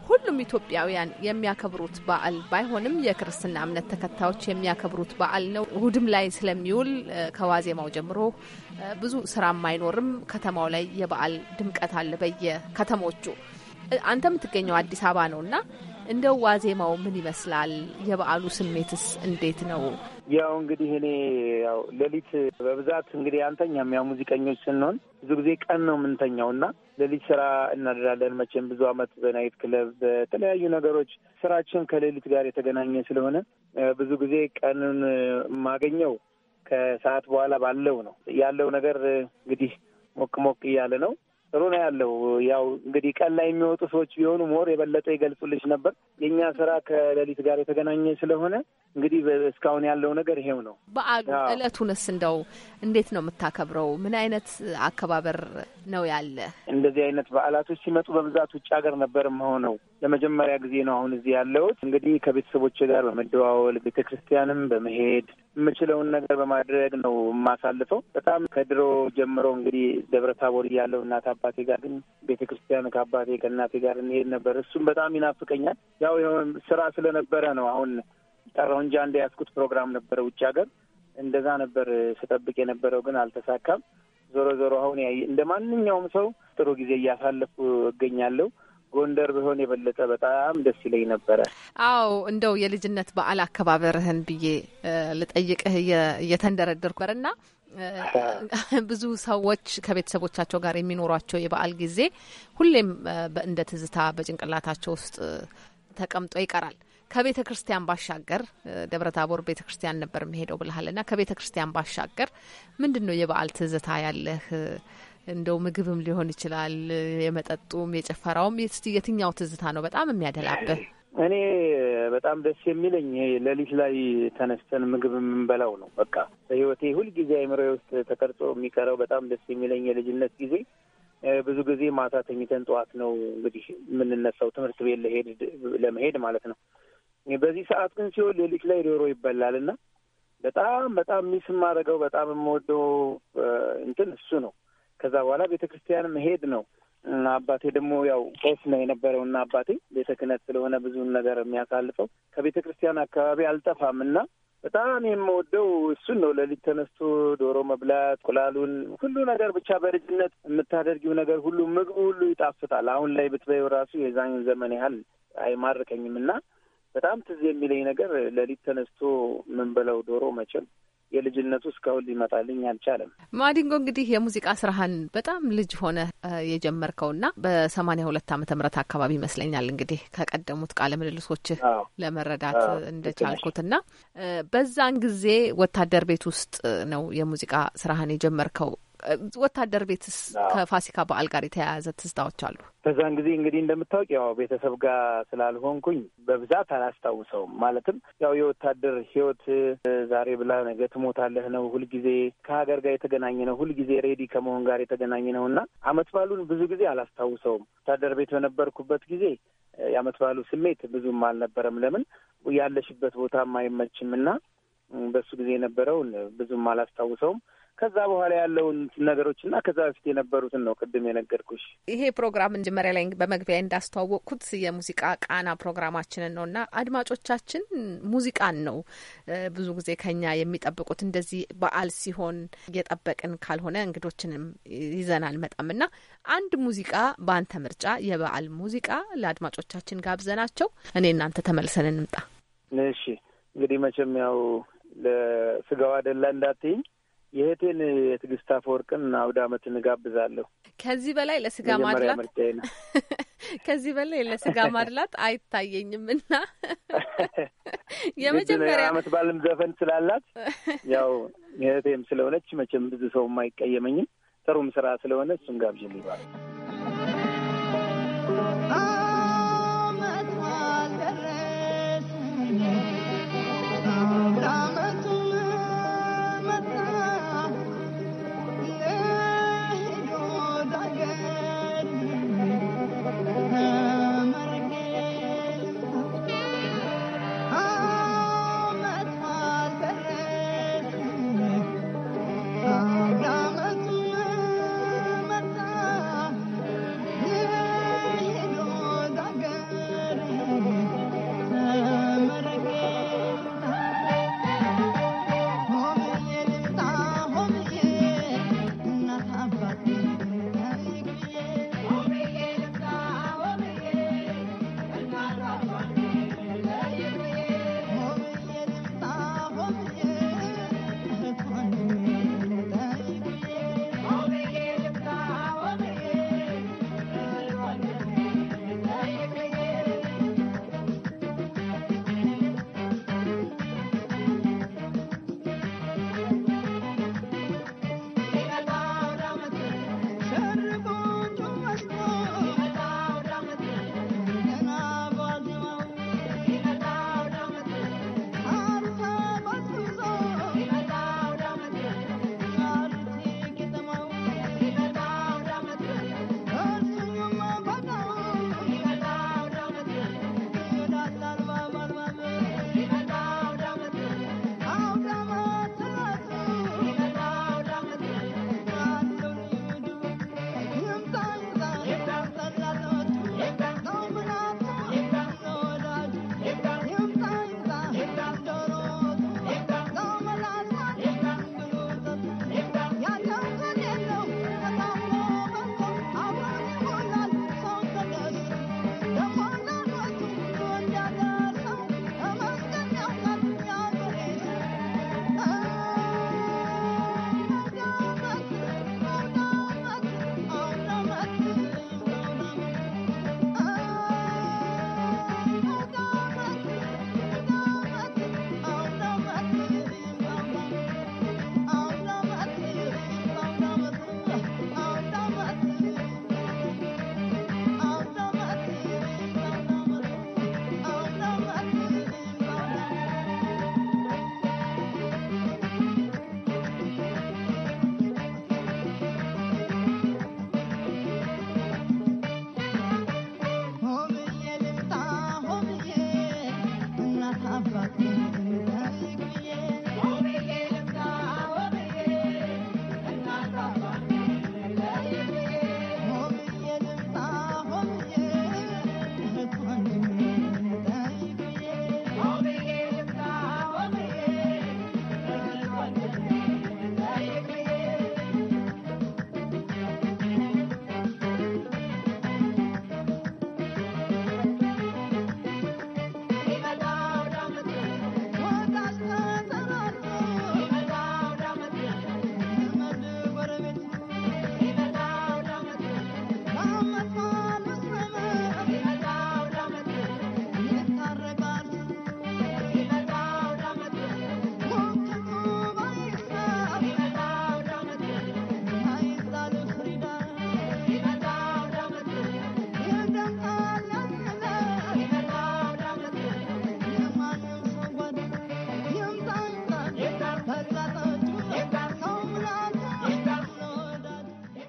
ሁሉም ኢትዮጵያውያን የሚያከብሩት በዓል ባይሆንም የክርስትና እምነት ተከታዮች የሚያከብሩት በዓል ነው። እሁድም ላይ ስለሚውል ከዋዜማው ጀምሮ ብዙ ስራም አይኖርም። ከተማው ላይ የበዓል ድምቀት አለ በየከተሞቹ አንተ የምትገኘው አዲስ አበባ ነው እና እንደው ዋዜማው ምን ይመስላል? የበዓሉ ስሜትስ እንዴት ነው? ያው እንግዲህ እኔ ያው ሌሊት በብዛት እንግዲህ አንተኛም ያው ሙዚቀኞች ስንሆን ብዙ ጊዜ ቀን ነው የምንተኛው እና ሌሊት ስራ እናድራለን። መቼም ብዙ አመት በናይት ክለብ በተለያዩ ነገሮች ስራችን ከሌሊት ጋር የተገናኘ ስለሆነ ብዙ ጊዜ ቀንን የማገኘው ከሰዓት በኋላ ባለው ነው ያለው ነገር እንግዲህ ሞቅ ሞቅ እያለ ነው ጥሩ ነው ያለው። ያው እንግዲህ ቀን ላይ የሚወጡ ሰዎች ቢሆኑ ሞር የበለጠ ይገልጹልሽ ነበር። የእኛ ስራ ከሌሊት ጋር የተገናኘ ስለሆነ እንግዲህ እስካሁን ያለው ነገር ይሄው ነው። በዓሉ እለቱንስ እንደው እንዴት ነው የምታከብረው? ምን አይነት አከባበር ነው ያለ? እንደዚህ አይነት በዓላቶች ሲመጡ በብዛት ውጭ ሀገር ነበር መሆነው። ለመጀመሪያ ጊዜ ነው አሁን እዚህ ያለሁት። እንግዲህ ከቤተሰቦች ጋር በመደዋወል ቤተክርስቲያንም በመሄድ የምችለውን ነገር በማድረግ ነው የማሳልፈው። በጣም ከድሮ ጀምሮ እንግዲህ ደብረ ታቦር እያለሁ እናት አባቴ ጋር ግን ቤተ ክርስቲያን ከአባቴ ከእናቴ ጋር እንሄድ ነበር። እሱም በጣም ይናፍቀኛል። ያው ስራ ስለነበረ ነው አሁን ጠራው እንጂ አንድ የያዝኩት ፕሮግራም ነበረ ውጭ ሀገር እንደዛ ነበር ስጠብቅ የነበረው ግን አልተሳካም። ዞሮ ዞሮ አሁን እንደ ማንኛውም ሰው ጥሩ ጊዜ እያሳለፉ እገኛለሁ። ጎንደር ቢሆን የበለጠ በጣም ደስ ይለኝ ነበረ። አዎ እንደው የልጅነት በዓል አከባበርህን ብዬ ልጠይቅህ እየተንደረደርኩ እና ብዙ ሰዎች ከቤተሰቦቻቸው ጋር የሚኖሯቸው የበዓል ጊዜ ሁሌም እንደ ትዝታ በጭንቅላታቸው ውስጥ ተቀምጦ ይቀራል። ከቤተ ክርስቲያን ባሻገር ደብረ ታቦር ቤተ ክርስቲያን ነበር የሚሄደው ብልሃል እና ከቤተ ክርስቲያን ባሻገር ምንድን ነው የበዓል ትዝታ ያለህ? እንደው ምግብም ሊሆን ይችላል፣ የመጠጡም የጭፈራውም። የትኛው ትዝታ ነው በጣም የሚያደላብህ? እኔ በጣም ደስ የሚለኝ ሌሊት ላይ ተነስተን ምግብ የምንበላው ነው። በቃ በህይወቴ ሁልጊዜ አይምሮ ውስጥ ተቀርጾ የሚቀረው በጣም ደስ የሚለኝ የልጅነት ጊዜ ብዙ ጊዜ ማታ ተኝተን ጠዋት ነው እንግዲህ የምንነሳው ትምህርት ቤት ለሄድ ለመሄድ ማለት ነው። በዚህ ሰዓት ግን ሲሆን ሌሊት ላይ ዶሮ ይበላል እና በጣም በጣም ሚስ የማደርገው በጣም የምወደው እንትን እሱ ነው። ከዛ በኋላ ቤተ ክርስቲያን መሄድ ነው። አባቴ ደግሞ ያው ቄስ ነው የነበረውና አባቴ ቤተ ክህነት ስለሆነ ብዙን ነገር የሚያሳልፈው ከቤተ ክርስቲያን አካባቢ አልጠፋም እና በጣም የምወደው እሱን ነው። ለሊት ተነስቶ ዶሮ መብላት፣ እንቁላሉን፣ ሁሉ ነገር ብቻ በልጅነት የምታደርጊው ነገር ሁሉ ምግብ ሁሉ ይጣፍጣል። አሁን ላይ ብትበየው ራሱ የዛኝ ዘመን ያህል አይማርከኝም እና በጣም ትዝ የሚለኝ ነገር ለሊት ተነስቶ የምንበላው ዶሮ መቼም የልጅነቱ እስካሁን ሊመጣልኝ አልቻለም። ማዲንጎ እንግዲህ የሙዚቃ ስራህን በጣም ልጅ ሆነ የጀመርከውና በሰማኒያ ሁለት አመተ ምህረት አካባቢ ይመስለኛል እንግዲህ ከቀደሙት ቃለ ምልልሶችህ ለመረዳት እንደቻልኩትና በዛን ጊዜ ወታደር ቤት ውስጥ ነው የሙዚቃ ስራህን የጀመርከው። ወታደር ቤትስ ከፋሲካ በዓል ጋር የተያያዘ ትዝታዎች አሉ? ከዛን ጊዜ እንግዲህ እንደምታወቅ ያው ቤተሰብ ጋር ስላልሆንኩኝ በብዛት አላስታውሰውም። ማለትም ያው የወታደር ህይወት ዛሬ ብላ ነገ ትሞታለህ ነው። ሁልጊዜ ከሀገር ጋር የተገናኘ ነው። ሁልጊዜ ሬዲ ከመሆን ጋር የተገናኘ ነው እና አመት ባሉን ብዙ ጊዜ አላስታውሰውም። ወታደር ቤት በነበርኩበት ጊዜ የአመት ባሉ ስሜት ብዙም አልነበረም። ለምን ያለሽበት ቦታም አይመችም እና በሱ ጊዜ የነበረውን ብዙም አላስታውሰውም። ከዛ በኋላ ያለውን ነገሮች እና ከዛ በፊት የነበሩትን ነው ቅድም የነገርኩሽ። ይሄ ፕሮግራም መጀመሪያ ላይ በመግቢያ እንዳስተዋወቅኩት የሙዚቃ ቃና ፕሮግራማችንን ነው እና አድማጮቻችን ሙዚቃን ነው ብዙ ጊዜ ከኛ የሚጠብቁት። እንደዚህ በዓል ሲሆን እየጠበቅን ካልሆነ እንግዶችንም ይዘን አልመጣም እና አንድ ሙዚቃ በአንተ ምርጫ የበዓል ሙዚቃ ለአድማጮቻችን ጋብዘናቸው እኔ እናንተ ተመልሰን እንምጣ። እሺ እንግዲህ መቼም ያው ለስጋዋ ደላ እንዳትኝ የእህቴን የትዕግስት አፈወርቅን አውደ ዓመትን እጋብዛለሁ። ከዚህ በላይ ለስጋ ማድላት ከዚህ በላይ ለስጋ ማድላት አይታየኝም እና የመጀመሪያ አመት ባልም ዘፈን ስላላት ያው የእህቴም ስለሆነች መቼም ብዙ ሰውም አይቀየመኝም። ጥሩም ስራ ስለሆነ እሱም ጋብዥ ባል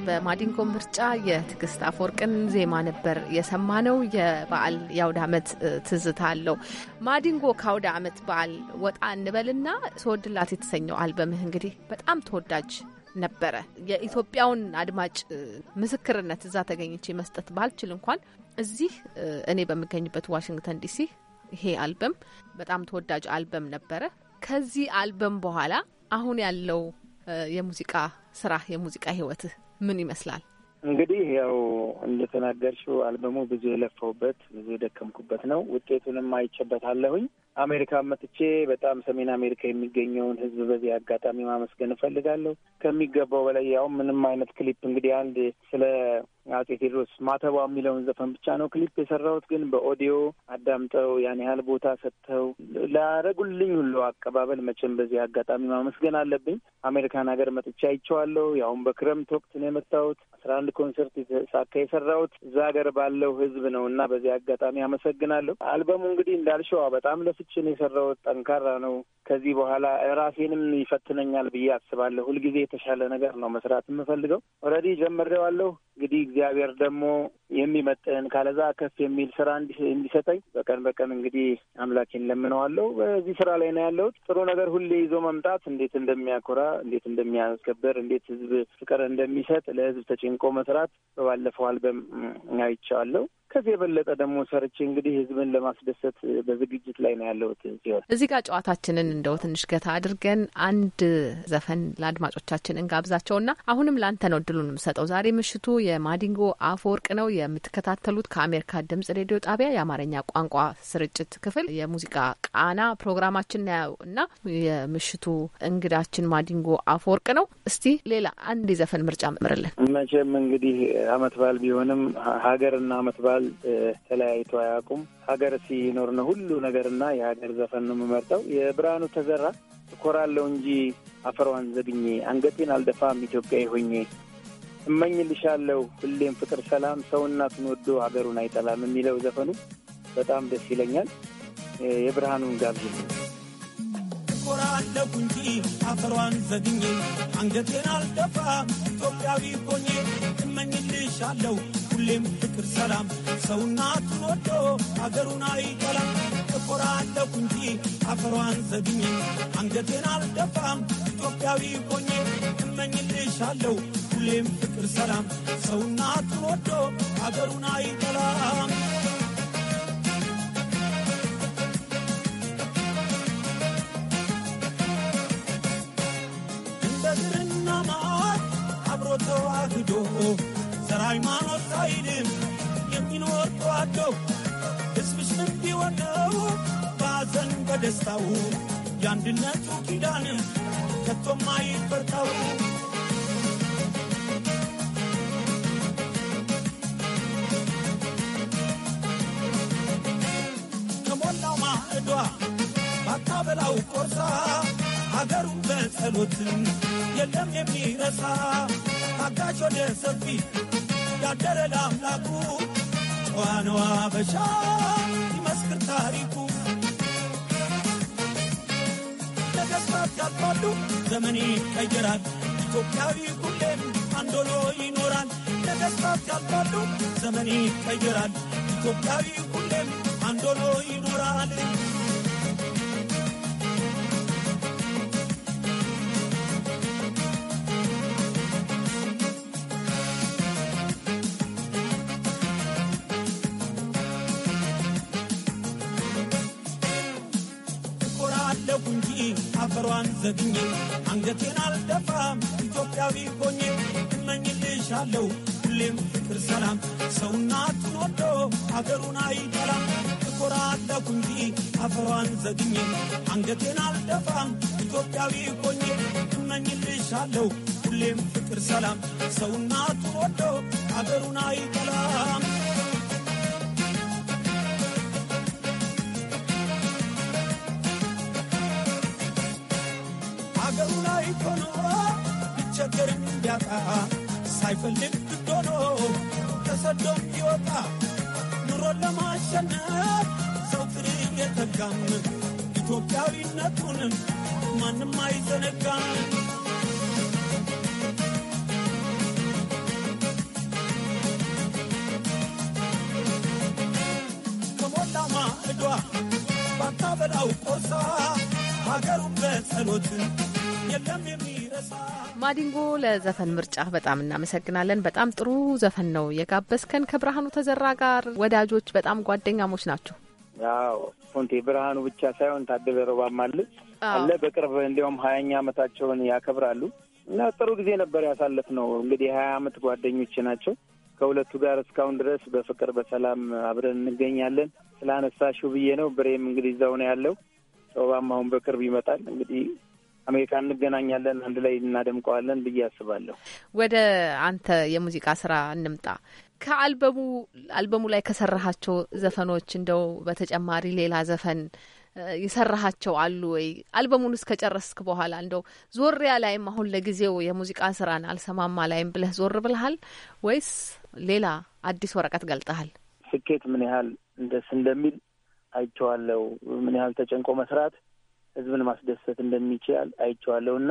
በማዲንጎ ምርጫ የትግስት አፈወርቅን ዜማ ነበር የሰማነው። የበዓል የአውደ ዓመት ትዝታ አለው ማዲንጎ። ከአውደ ዓመት በዓል ወጣ እንበልና ሰወድላት የተሰኘው አልበምህ እንግዲህ በጣም ተወዳጅ ነበረ። የኢትዮጵያውን አድማጭ ምስክርነት እዛ ተገኝቼ መስጠት ባልችል እንኳን እዚህ እኔ በምገኝበት ዋሽንግተን ዲሲ ይሄ አልበም በጣም ተወዳጅ አልበም ነበረ። ከዚህ አልበም በኋላ አሁን ያለው የሙዚቃ ስራ የሙዚቃ ህይወትህ ምን ይመስላል? እንግዲህ ያው እንደተናገርሽው አልበሙ ብዙ የለፈውበት ብዙ የደከምኩበት ነው። ውጤቱንም አይቼበታለሁኝ። አሜሪካ መጥቼ በጣም ሰሜን አሜሪካ የሚገኘውን ሕዝብ በዚህ አጋጣሚ ማመስገን እፈልጋለሁ። ከሚገባው በላይ ያው ምንም አይነት ክሊፕ እንግዲህ አንድ ስለ አጼ ቴዎድሮስ ማተቧ የሚለውን ዘፈን ብቻ ነው ክሊፕ የሰራሁት። ግን በኦዲዮ አዳምጠው ያን ያህል ቦታ ሰጥተው ላረጉልኝ ሁሉ አቀባበል መቼም በዚህ አጋጣሚ ማመስገን አለብኝ። አሜሪካን ሀገር መጥቼ አይቼዋለሁ። ያሁን በክረምት ወቅት ነው የመጣሁት። አስራ አንድ ኮንሰርት ሳካ የሰራሁት እዛ ሀገር ባለው ህዝብ ነው እና በዚህ አጋጣሚ አመሰግናለሁ። አልበሙ እንግዲህ እንዳልሸዋ በጣም ለፍችን የሰራሁት ጠንካራ ነው። ከዚህ በኋላ ራሴንም ይፈትነኛል ብዬ አስባለሁ። ሁልጊዜ የተሻለ ነገር ነው መስራት የምፈልገው። ኦልሬዲ ጀምሬዋለሁ። እንግዲህ እግዚአብሔር ደግሞ የሚመጥን ካለዛ ከፍ የሚል ስራ እንዲሰጠኝ በቀን በቀን እንግዲህ አምላኬን ለምነዋለሁ። በዚህ ስራ ላይ ነው ያለሁት። ጥሩ ነገር ሁሌ ይዞ መምጣት እንዴት እንደሚያኮራ፣ እንዴት እንደሚያስከብር፣ እንዴት ህዝብ ፍቅር እንደሚሰጥ፣ ለህዝብ ተጭንቆ መስራት በባለፈው አልበም አይቼዋለሁ። ከዚህ የበለጠ ደግሞ ሰርቼ እንግዲህ ህዝብን ለማስደሰት በዝግጅት ላይ ነው ያለሁት ሲሆን እዚህ ጋር ጨዋታችንን እንደው ትንሽ ገታ አድርገን አንድ ዘፈን ለአድማጮቻችን እንጋብዛቸውና አሁንም ላንተ ነው እድሉን የምሰጠው። ዛሬ ምሽቱ የማዲንጎ አፈወርቅ ነው የምትከታተሉት። ከአሜሪካ ድምጽ ሬዲዮ ጣቢያ የአማርኛ ቋንቋ ስርጭት ክፍል የሙዚቃ ቃና ፕሮግራማችን ነው እና የምሽቱ እንግዳችን ማዲንጎ አፈወርቅ ነው። እስቲ ሌላ አንድ ዘፈን ምርጫ ምርልን። መቼም እንግዲህ አመት በዓል ቢሆንም ሀገርና አመት በዓል መሀል ተለያይቶ አያውቁም። ሀገር ሲኖር ነው ሁሉ ነገርና የሀገር ዘፈን ነው የምመርጠው። የብርሃኑ ተዘራ እኮራለሁ እንጂ አፈሯን ዘግኜ አንገቴን አልደፋም ኢትዮጵያ ሆኜ እመኝልሻለሁ ሁሌም ፍቅር፣ ሰላም ሰው እናቱን ወዶ ሀገሩን አይጠላም የሚለው ዘፈኑ በጣም ደስ ይለኛል። የብርሃኑን ጋብዝ እኮራለሁ እንጂ አፈሯን ዘግኜ አንገቴን አልደፋ ኢትዮጵያዊ ሆኜ እመኝልሻለሁ ሁሌም ፍቅር፣ ሰላም ሰውና ትወዶ አገሩን አይጠላም። እኮራለሁ እንጂ አፈሯን ዘግኜ አንገቴን አልደፋም ኢትዮጵያዊ ሆኜ እመኝልሻለሁ ሁሌም ፍቅር፣ ሰላም ሰውና ትወዶ አገሩን አይጠላም። ዓላማዋን አብሮ ተዋህዶ ዘር ሃይማኖት ሳይልም የሚኖር ተዋዶ ሕዝብሽ እንዲሆነው በሐዘን በደስታው የአንድነቱ ኪዳን ከቶም አይበርታው። ከሞላው ማዕዷ ባታበላው ቆርሳ ሀገሩን በጸሎት የለም የሚረሳ አጋሽ ወደ ሰፊ ያደረ ለአምላኩ ጨዋነዋ በሻ ይመስክር ታሪኩ ነገሥታት ያልፋሉ፣ ዘመን ይቀየራል፣ ኢትዮጵያዊ ሁሌም አንድ ሆኖ ይኖራል። ነገሥታት ያልፋሉ፣ ዘመን ይቀየራል፣ ኢትዮጵያዊ ሁሌም አንድ ሆኖ ይኖራል። ኢትዮጵያዊ ሆኜ እመኝልሻለሁ ሁሌም ፍቅር፣ ሰላም ሰውናቱን ወዶ አገሩን አይጠላም። እኮራለሁ እንጂ አፈሯን ዘግኜ አንገቴን አልደፋም ኢትዮጵያዊ ሆኜ እመኝልሻለሁ ሁሌም ፍቅር፣ ሰላም ሰውናቱን ወዶ አገሩን አይጠላም። እንዲያጣ ሳይፈልግ ዶሎ ተሰዶም ይወጣ ኑሮን ለማሸነፍ ዘውትር የተጋም ኢትዮጵያዊነቱን ማንም አይዘነጋም። ከሞላ ማዕዷ ባታበላው ቆርሳ ሀገሩን በጸሎት የለም የሚ ማዲንጎ ለዘፈን ምርጫ በጣም እናመሰግናለን። በጣም ጥሩ ዘፈን ነው የጋበዝከን። ከብርሃኑ ተዘራ ጋር ወዳጆች፣ በጣም ጓደኛሞች ናችሁ? አዎ ፎንቴ ብርሃኑ ብቻ ሳይሆን ታደለ ሮባም አለ አለ በቅርብ እንዲያውም ሀያኛ ዓመታቸውን ያከብራሉ እና ጥሩ ጊዜ ነበር ያሳለፍ ነው። እንግዲህ ሀያ አመት ጓደኞች ናቸው። ከሁለቱ ጋር እስካሁን ድረስ በፍቅር በሰላም አብረን እንገኛለን። ስለ አነሳሽው ብዬ ነው። ብሬም እንግዲህ እዛው ነው ያለው። ሮባም አሁን በቅርብ ይመጣል እንግዲህ አሜሪካ እንገናኛለን፣ አንድ ላይ እናደምቀዋለን ብዬ አስባለሁ። ወደ አንተ የሙዚቃ ስራ እንምጣ። ከአልበሙ አልበሙ ላይ ከሰራሃቸው ዘፈኖች እንደው በተጨማሪ ሌላ ዘፈን የሰራሃቸው አሉ ወይ? አልበሙን እስከ ጨረስክ በኋላ እንደው ዞሪያ ላይም አሁን ለጊዜው የሙዚቃ ስራን አልሰማማ ላይም ብለህ ዞር ብልሃል ወይስ ሌላ አዲስ ወረቀት ገልጠሃል? ስኬት ምን ያህል ደስ እንደሚል አይቼዋለሁ። ምን ያህል ተጨንቆ መስራት ህዝብን ማስደሰት እንደሚችል አይቼዋለሁ እና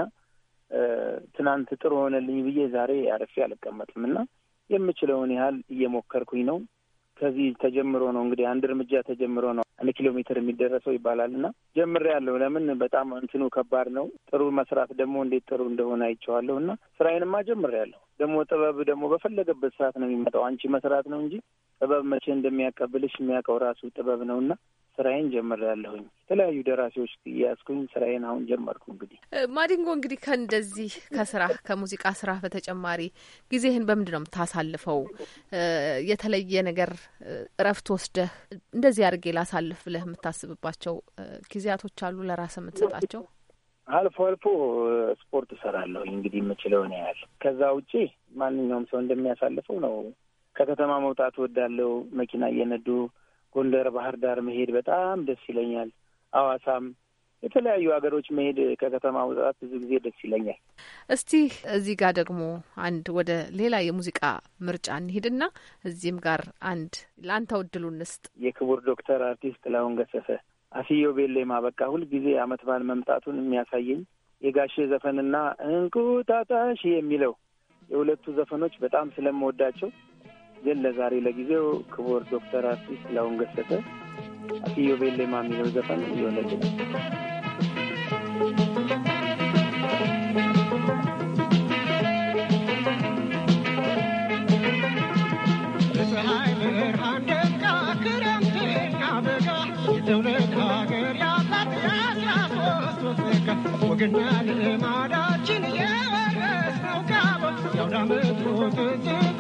ትናንት ጥሩ ሆነልኝ ብዬ ዛሬ አርፌ አልቀመጥም እና የምችለውን ያህል እየሞከርኩኝ ነው። ከዚህ ተጀምሮ ነው እንግዲህ አንድ እርምጃ ተጀምሮ ነው አንድ ኪሎ ሜትር የሚደረሰው ይባላል እና ጀምሬያለሁ። ለምን በጣም እንትኑ ከባድ ነው። ጥሩ መስራት ደግሞ እንዴት ጥሩ እንደሆነ አይቼዋለሁ እና ስራዬንማ ጀምሬያለሁ። ደግሞ ጥበብ ደግሞ በፈለገበት ሰዓት ነው የሚመጣው። አንቺ መስራት ነው እንጂ ጥበብ መቼ እንደሚያቀብልሽ የሚያውቀው ራሱ ጥበብ ነው እና ስራዬን ጀምሬያለሁኝ። የተለያዩ ደራሲዎች እያስኩኝ ስራዬን አሁን ጀመርኩ። እንግዲህ ማዲንጎ፣ እንግዲህ ከእንደዚህ ከስራ ከሙዚቃ ስራ በተጨማሪ ጊዜህን በምንድን ነው የምታሳልፈው? የተለየ ነገር እረፍት ወስደህ እንደዚህ አድርጌ ላሳልፍ ብለህ የምታስብባቸው ጊዜያቶች አሉ? ለራስ የምትሰጣቸው? አልፎ አልፎ ስፖርት እሰራለሁ እንግዲህ የምችለውን ያህል። ከዛ ውጪ ማንኛውም ሰው እንደሚያሳልፈው ነው። ከከተማ መውጣት ወዳለው መኪና እየነዱ ጎንደር፣ ባህር ዳር መሄድ በጣም ደስ ይለኛል። አዋሳም የተለያዩ ሀገሮች መሄድ ከከተማ መውጣት ብዙ ጊዜ ደስ ይለኛል። እስቲ እዚህ ጋር ደግሞ አንድ ወደ ሌላ የሙዚቃ ምርጫ እንሂድና እዚህም ጋር አንድ ለአንተ ውድሉ እንስጥ። የክቡር ዶክተር አርቲስት ላሁን ገሰሰ አስዮ ቤሌማ ሁል ሁልጊዜ አመት በዓል መምጣቱን የሚያሳየኝ የጋሼ ዘፈንና እንቁጣጣሽ የሚለው የሁለቱ ዘፈኖች በጣም ስለምወዳቸው ግን ለዛሬ ለጊዜው ክቡር ዶክተር አርቲስት ጥላሁን ገሰሰ ኢዮቤሌማ የሚለው ዘፈን እየወለድ ወገና ልማዳችን የወረስነው ጋቦ ያውዳምጡ ትትል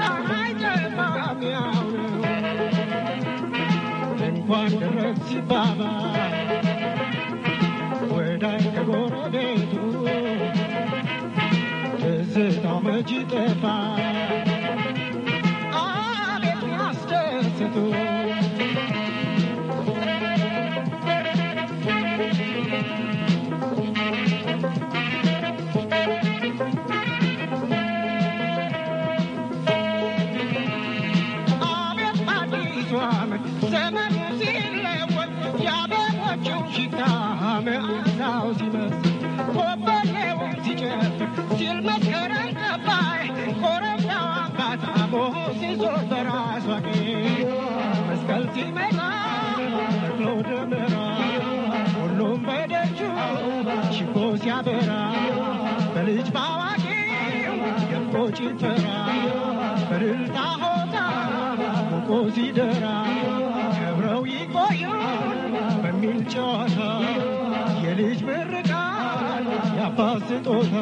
እንኳን ደረስ ሲባባል ወዳጅ ከጎረቤቱ ትዝታው መች ይጠፋል? አቤት ያስደስቱ ጭንተራ በድል ሆታ ቆቆ ሲደራ ከብረው ይቆዩ በሚል ጨዋታ የልጅ ምርቃት የአባት ስጦታ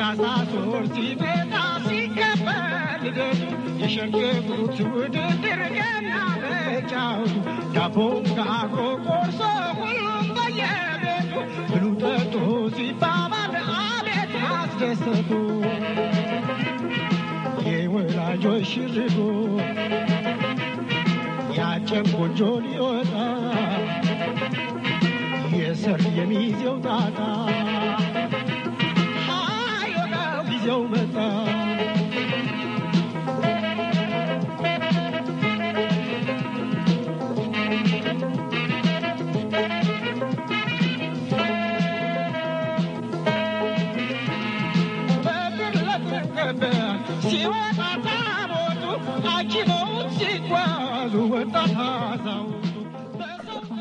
ራሳቶር ሲመጣ ሲከበር ልደቱ የሸገጉት ውድድር ገና ጨው ዳቦ ጋግሮ ቆርሶ ሁሉም በየቤቱ ብሉ ጠጡ ሲባባል አቤት አስደሰቱ የወላጆች ሽርጉ ያጨም ጎጆ ሊወጣ የሰርግ የሚዜው ጣጣ ሀይ ወዳው ጊዜው መጣ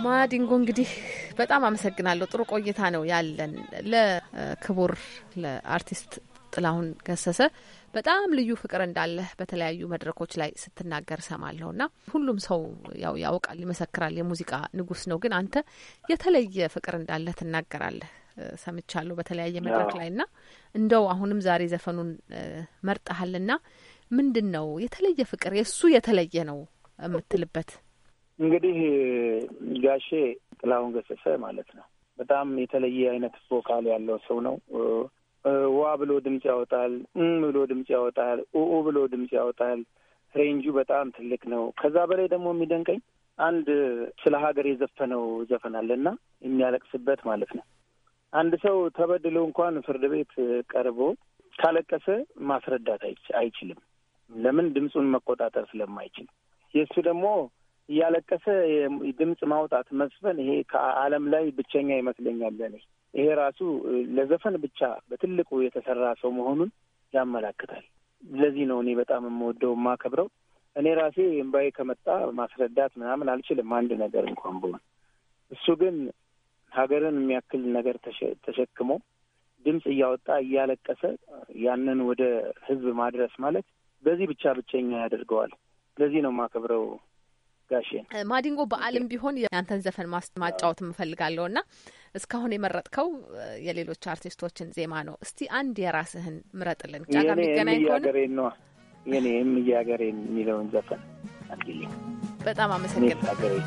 ማዲንጎ እንግዲህ በጣም አመሰግናለሁ። ጥሩ ቆይታ ነው ያለን። ለክቡር ለአርቲስት ጥላሁን ገሰሰ በጣም ልዩ ፍቅር እንዳለህ በተለያዩ መድረኮች ላይ ስትናገር ሰማለሁ ና ሁሉም ሰው ያው ያውቃል፣ ይመሰክራል፣ የሙዚቃ ንጉስ ነው። ግን አንተ የተለየ ፍቅር እንዳለህ ትናገራለህ ሰምቻለሁ በተለያየ መድረክ ላይ ና እንደው አሁንም ዛሬ ዘፈኑን መርጠሃልና ምንድን ነው የተለየ ፍቅር የእሱ የተለየ ነው የምትልበት እንግዲህ ጋሼ ጥላሁን ገሰሰ ማለት ነው። በጣም የተለየ አይነት ቮካል ያለው ሰው ነው። ዋ ብሎ ድምፅ ያወጣል፣ እም ብሎ ድምፅ ያወጣል፣ ኡ ብሎ ድምፅ ያወጣል። ሬንጁ በጣም ትልቅ ነው። ከዛ በላይ ደግሞ የሚደንቀኝ አንድ ስለ ሀገር የዘፈነው ዘፈን አለና የሚያለቅስበት ማለት ነው። አንድ ሰው ተበድሎ እንኳን ፍርድ ቤት ቀርቦ ካለቀሰ ማስረዳት አይችልም። ለምን? ድምፁን መቆጣጠር ስለማይችል የእሱ ደግሞ እያለቀሰ ድምፅ ማውጣት መዝፈን፣ ይሄ ከዓለም ላይ ብቸኛ ይመስለኛል ለእኔ። ይሄ ራሱ ለዘፈን ብቻ በትልቁ የተሰራ ሰው መሆኑን ያመላክታል። ለዚህ ነው እኔ በጣም የምወደው የማከብረው። እኔ ራሴ እምባዬ ከመጣ ማስረዳት ምናምን አልችልም አንድ ነገር እንኳን ብሆን። እሱ ግን ሀገርን የሚያክል ነገር ተሸክሞ ድምፅ እያወጣ እያለቀሰ ያንን ወደ ህዝብ ማድረስ ማለት በዚህ ብቻ ብቸኛ ያደርገዋል። ለዚህ ነው የማከብረው። ጋሼ ማዲንጎ በዓልም ቢሆን ያንተን ዘፈን ማጫወት እፈልጋለሁ እና እስካሁን የመረጥከው የሌሎች አርቲስቶችን ዜማ ነው። እስቲ አንድ የራስህን ምረጥልን። ጫጋ የሚገናኝ ከሆነ የኔ የምያገሬን የሚለውን ዘፈን አንድልኝ። በጣም አመሰግናለሁ።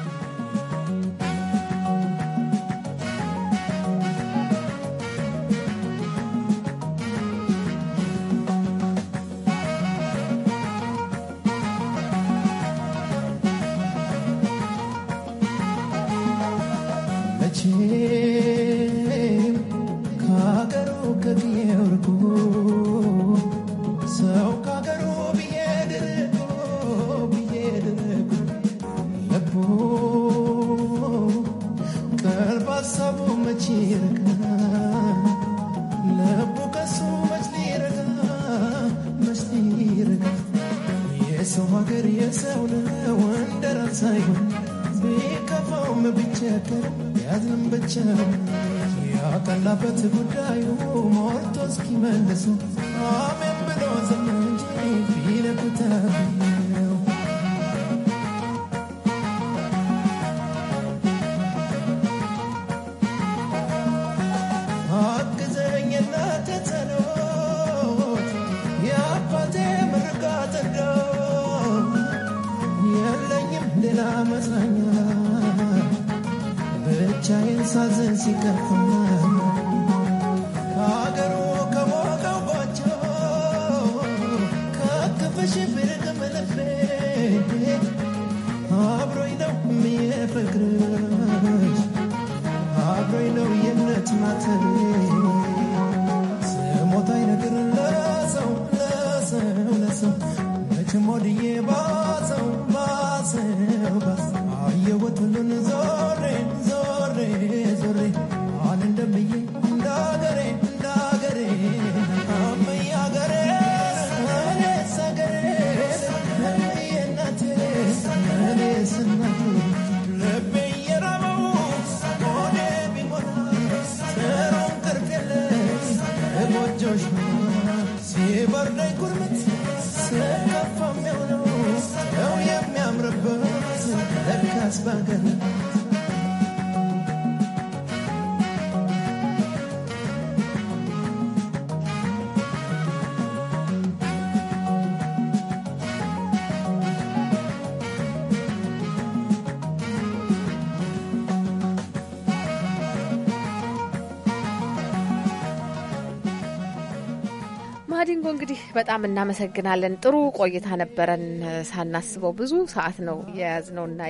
በጣም እናመሰግናለን። ጥሩ ቆይታ ነበረን። ሳናስበው ብዙ ሰዓት ነው የያዝነውና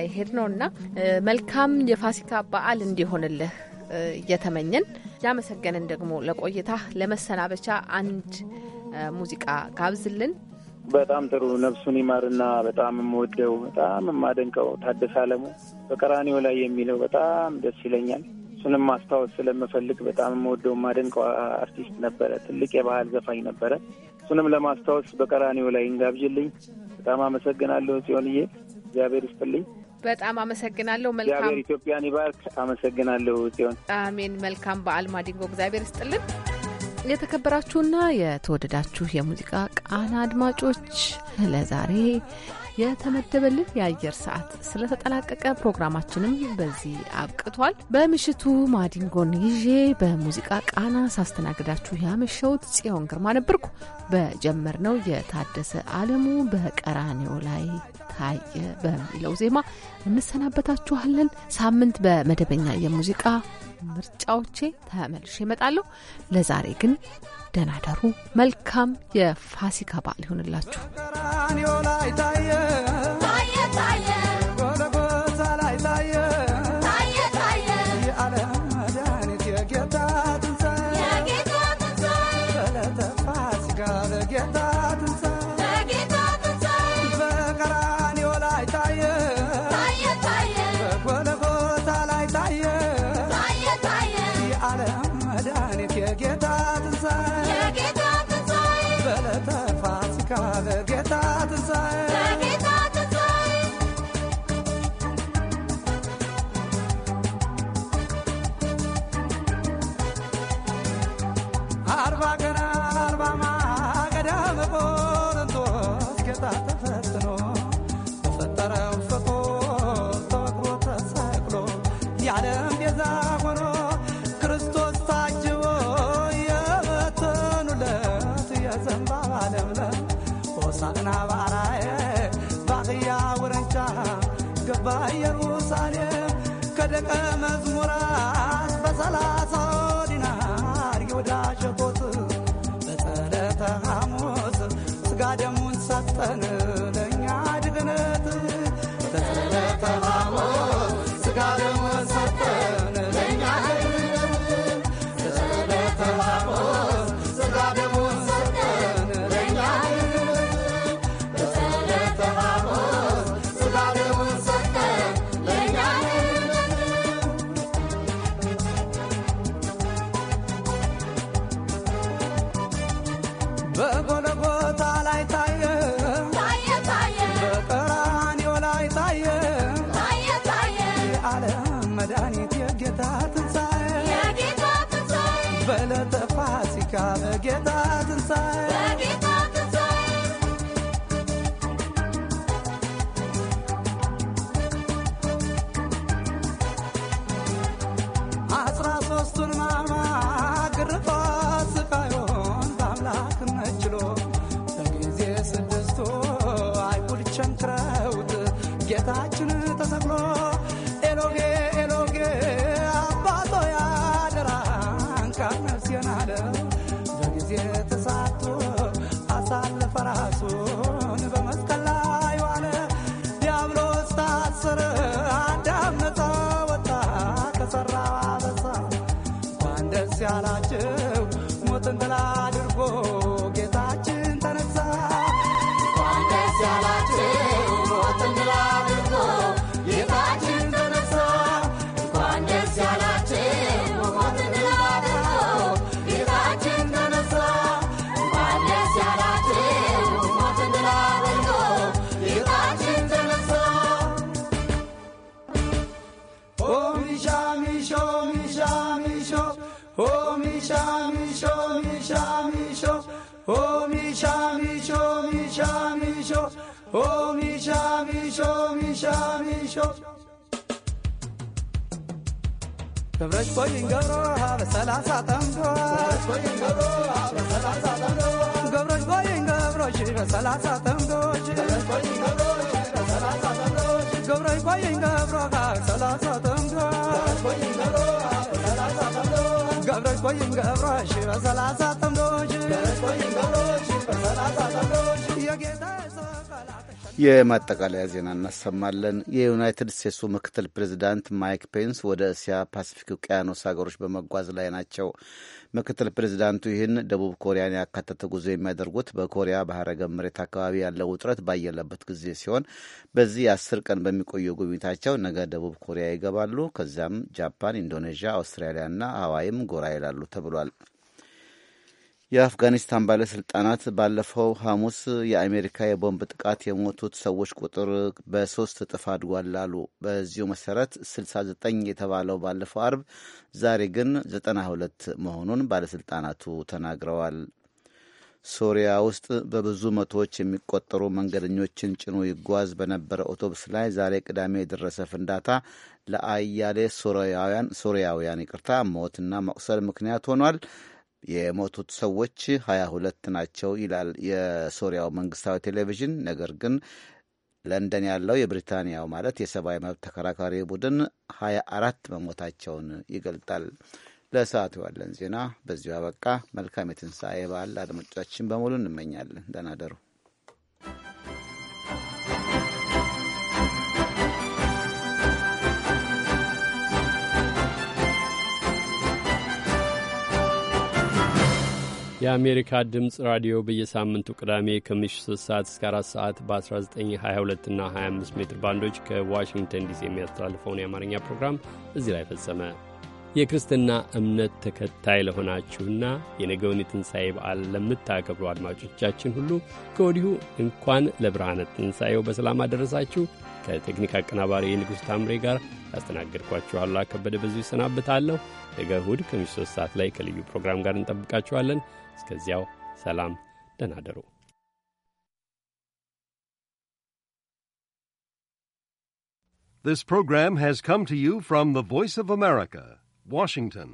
እና መልካም የፋሲካ በዓል እንዲሆንልህ እየተመኘን እያመሰገንን ደግሞ ለቆይታ ለመሰናበቻ አንድ ሙዚቃ ጋብዝልን። በጣም ጥሩ ነፍሱን ይማርና በጣም የምወደው በጣም የማደንቀው ታደሰ አለሙ በቀራኔው ላይ የሚለው በጣም ደስ ይለኛል። እሱንም ማስታወስ ስለምፈልግ በጣም የምወደው የማደንቀው አርቲስት ነበረ። ትልቅ የባህል ዘፋኝ ነበረ። እሱንም ለማስታወስ በቀራኒው ላይ እንጋብዥልኝ። በጣም አመሰግናለሁ ጽዮንዬ፣ እግዚአብሔር ይስጥልኝ። በጣም አመሰግናለሁ። መልካም እግዚአብሔር ኢትዮጵያን ይባርክ። አመሰግናለሁ ጽዮን። አሜን። መልካም በዓል ማዲንጎ፣ እግዚአብሔር ይስጥልን። የተከበራችሁና የተወደዳችሁ የሙዚቃ ቃና አድማጮች ለዛሬ የተመደበልን የአየር ሰዓት ስለተጠናቀቀ ፕሮግራማችንም በዚህ አብቅቷል። በምሽቱ ማዲንጎን ይዤ በሙዚቃ ቃና ሳስተናግዳችሁ ያመሸሁት ጽዮን ግርማ ነበርኩ። በጀመርነው የታደሰ አለሙ በቀራኔው ላይ ታየ በሚለው ዜማ እንሰናበታችኋለን። ሳምንት በመደበኛ የሙዚቃ ምርጫዎቼ ተመልሼ እመጣለሁ። ለዛሬ ግን ደህና ደሩ። መልካም የፋሲካ በዓል ይሆንላችሁ። مذمورة प्याला च كبرش بوين قبرها بثلاثة تنقوى قبرش بوين قبرش بثلاثة تنقوى قبرش بوين قبرها بثلاثة تنقوى قبرش بوين قبرش بثلاثة تنقوى يا قدر የማጠቃለያ ዜና እናሰማለን። የዩናይትድ ስቴትሱ ምክትል ፕሬዚዳንት ማይክ ፔንስ ወደ እስያ ፓሲፊክ ውቅያኖስ ሀገሮች በመጓዝ ላይ ናቸው። ምክትል ፕሬዚዳንቱ ይህን ደቡብ ኮሪያን ያካተተ ጉዞ የሚያደርጉት በኮሪያ ባህረ ገብ መሬት አካባቢ ያለው ውጥረት ባየለበት ጊዜ ሲሆን በዚህ አስር ቀን በሚቆየው ጉብኝታቸው ነገ ደቡብ ኮሪያ ይገባሉ። ከዚያም ጃፓን፣ ኢንዶኔዥያ፣ አውስትራሊያና ሀዋይም ጎራ ይላሉ ተብሏል። የአፍጋኒስታን ባለሥልጣናት ባለፈው ሐሙስ የአሜሪካ የቦምብ ጥቃት የሞቱት ሰዎች ቁጥር በሦስት እጥፍ አድጓል አሉ። በዚሁ መሠረት 69 የተባለው ባለፈው አርብ፣ ዛሬ ግን 92 መሆኑን ባለሥልጣናቱ ተናግረዋል። ሶሪያ ውስጥ በብዙ መቶዎች የሚቆጠሩ መንገደኞችን ጭኖ ይጓዝ በነበረ አውቶቡስ ላይ ዛሬ ቅዳሜ የደረሰ ፍንዳታ ለአያሌ ሶሪያውያን ሶሪያውያን ይቅርታ ሞትና መቁሰል ምክንያት ሆኗል። የሞቱት ሰዎች 22 ሁለት ናቸው ይላል የሶሪያው መንግስታዊ ቴሌቪዥን። ነገር ግን ለንደን ያለው የብሪታንያው ማለት የሰብአዊ መብት ተከራካሪ ቡድን 24 መሞታቸውን ይገልጣል። ለሰዓቱ ያለን ዜና በዚሁ አበቃ። መልካም የትንሣኤ በዓል አድማጮቻችን በሙሉ እንመኛለን። ደህና ደሩ። የአሜሪካ ድምፅ ራዲዮ በየሳምንቱ ቅዳሜ ከምሽቱ 3 ሰዓት እስከ 4 ሰዓት በ1922 እና 25 ሜትር ባንዶች ከዋሽንግተን ዲሲ የሚያስተላልፈውን የአማርኛ ፕሮግራም እዚህ ላይ ፈጸመ። የክርስትና እምነት ተከታይ ለሆናችሁና የነገውን የትንሣኤ በዓል ለምታከብሩ አድማጮቻችን ሁሉ ከወዲሁ እንኳን ለብርሃነ ትንሣኤው በሰላም አደረሳችሁ። ከቴክኒክ አቀናባሪ የንጉሥ ታምሬ ጋር ያስተናገድኳችሁ አሉላ ከበደ በዚሁ ይሰናብታለሁ። ነገ እሁድ ከምሽቱ 3 ሰዓት ላይ ከልዩ ፕሮግራም ጋር እንጠብቃችኋለን። እስከዚያው ሰላም፣ ደህና This program has come to you from the Voice of America, Washington.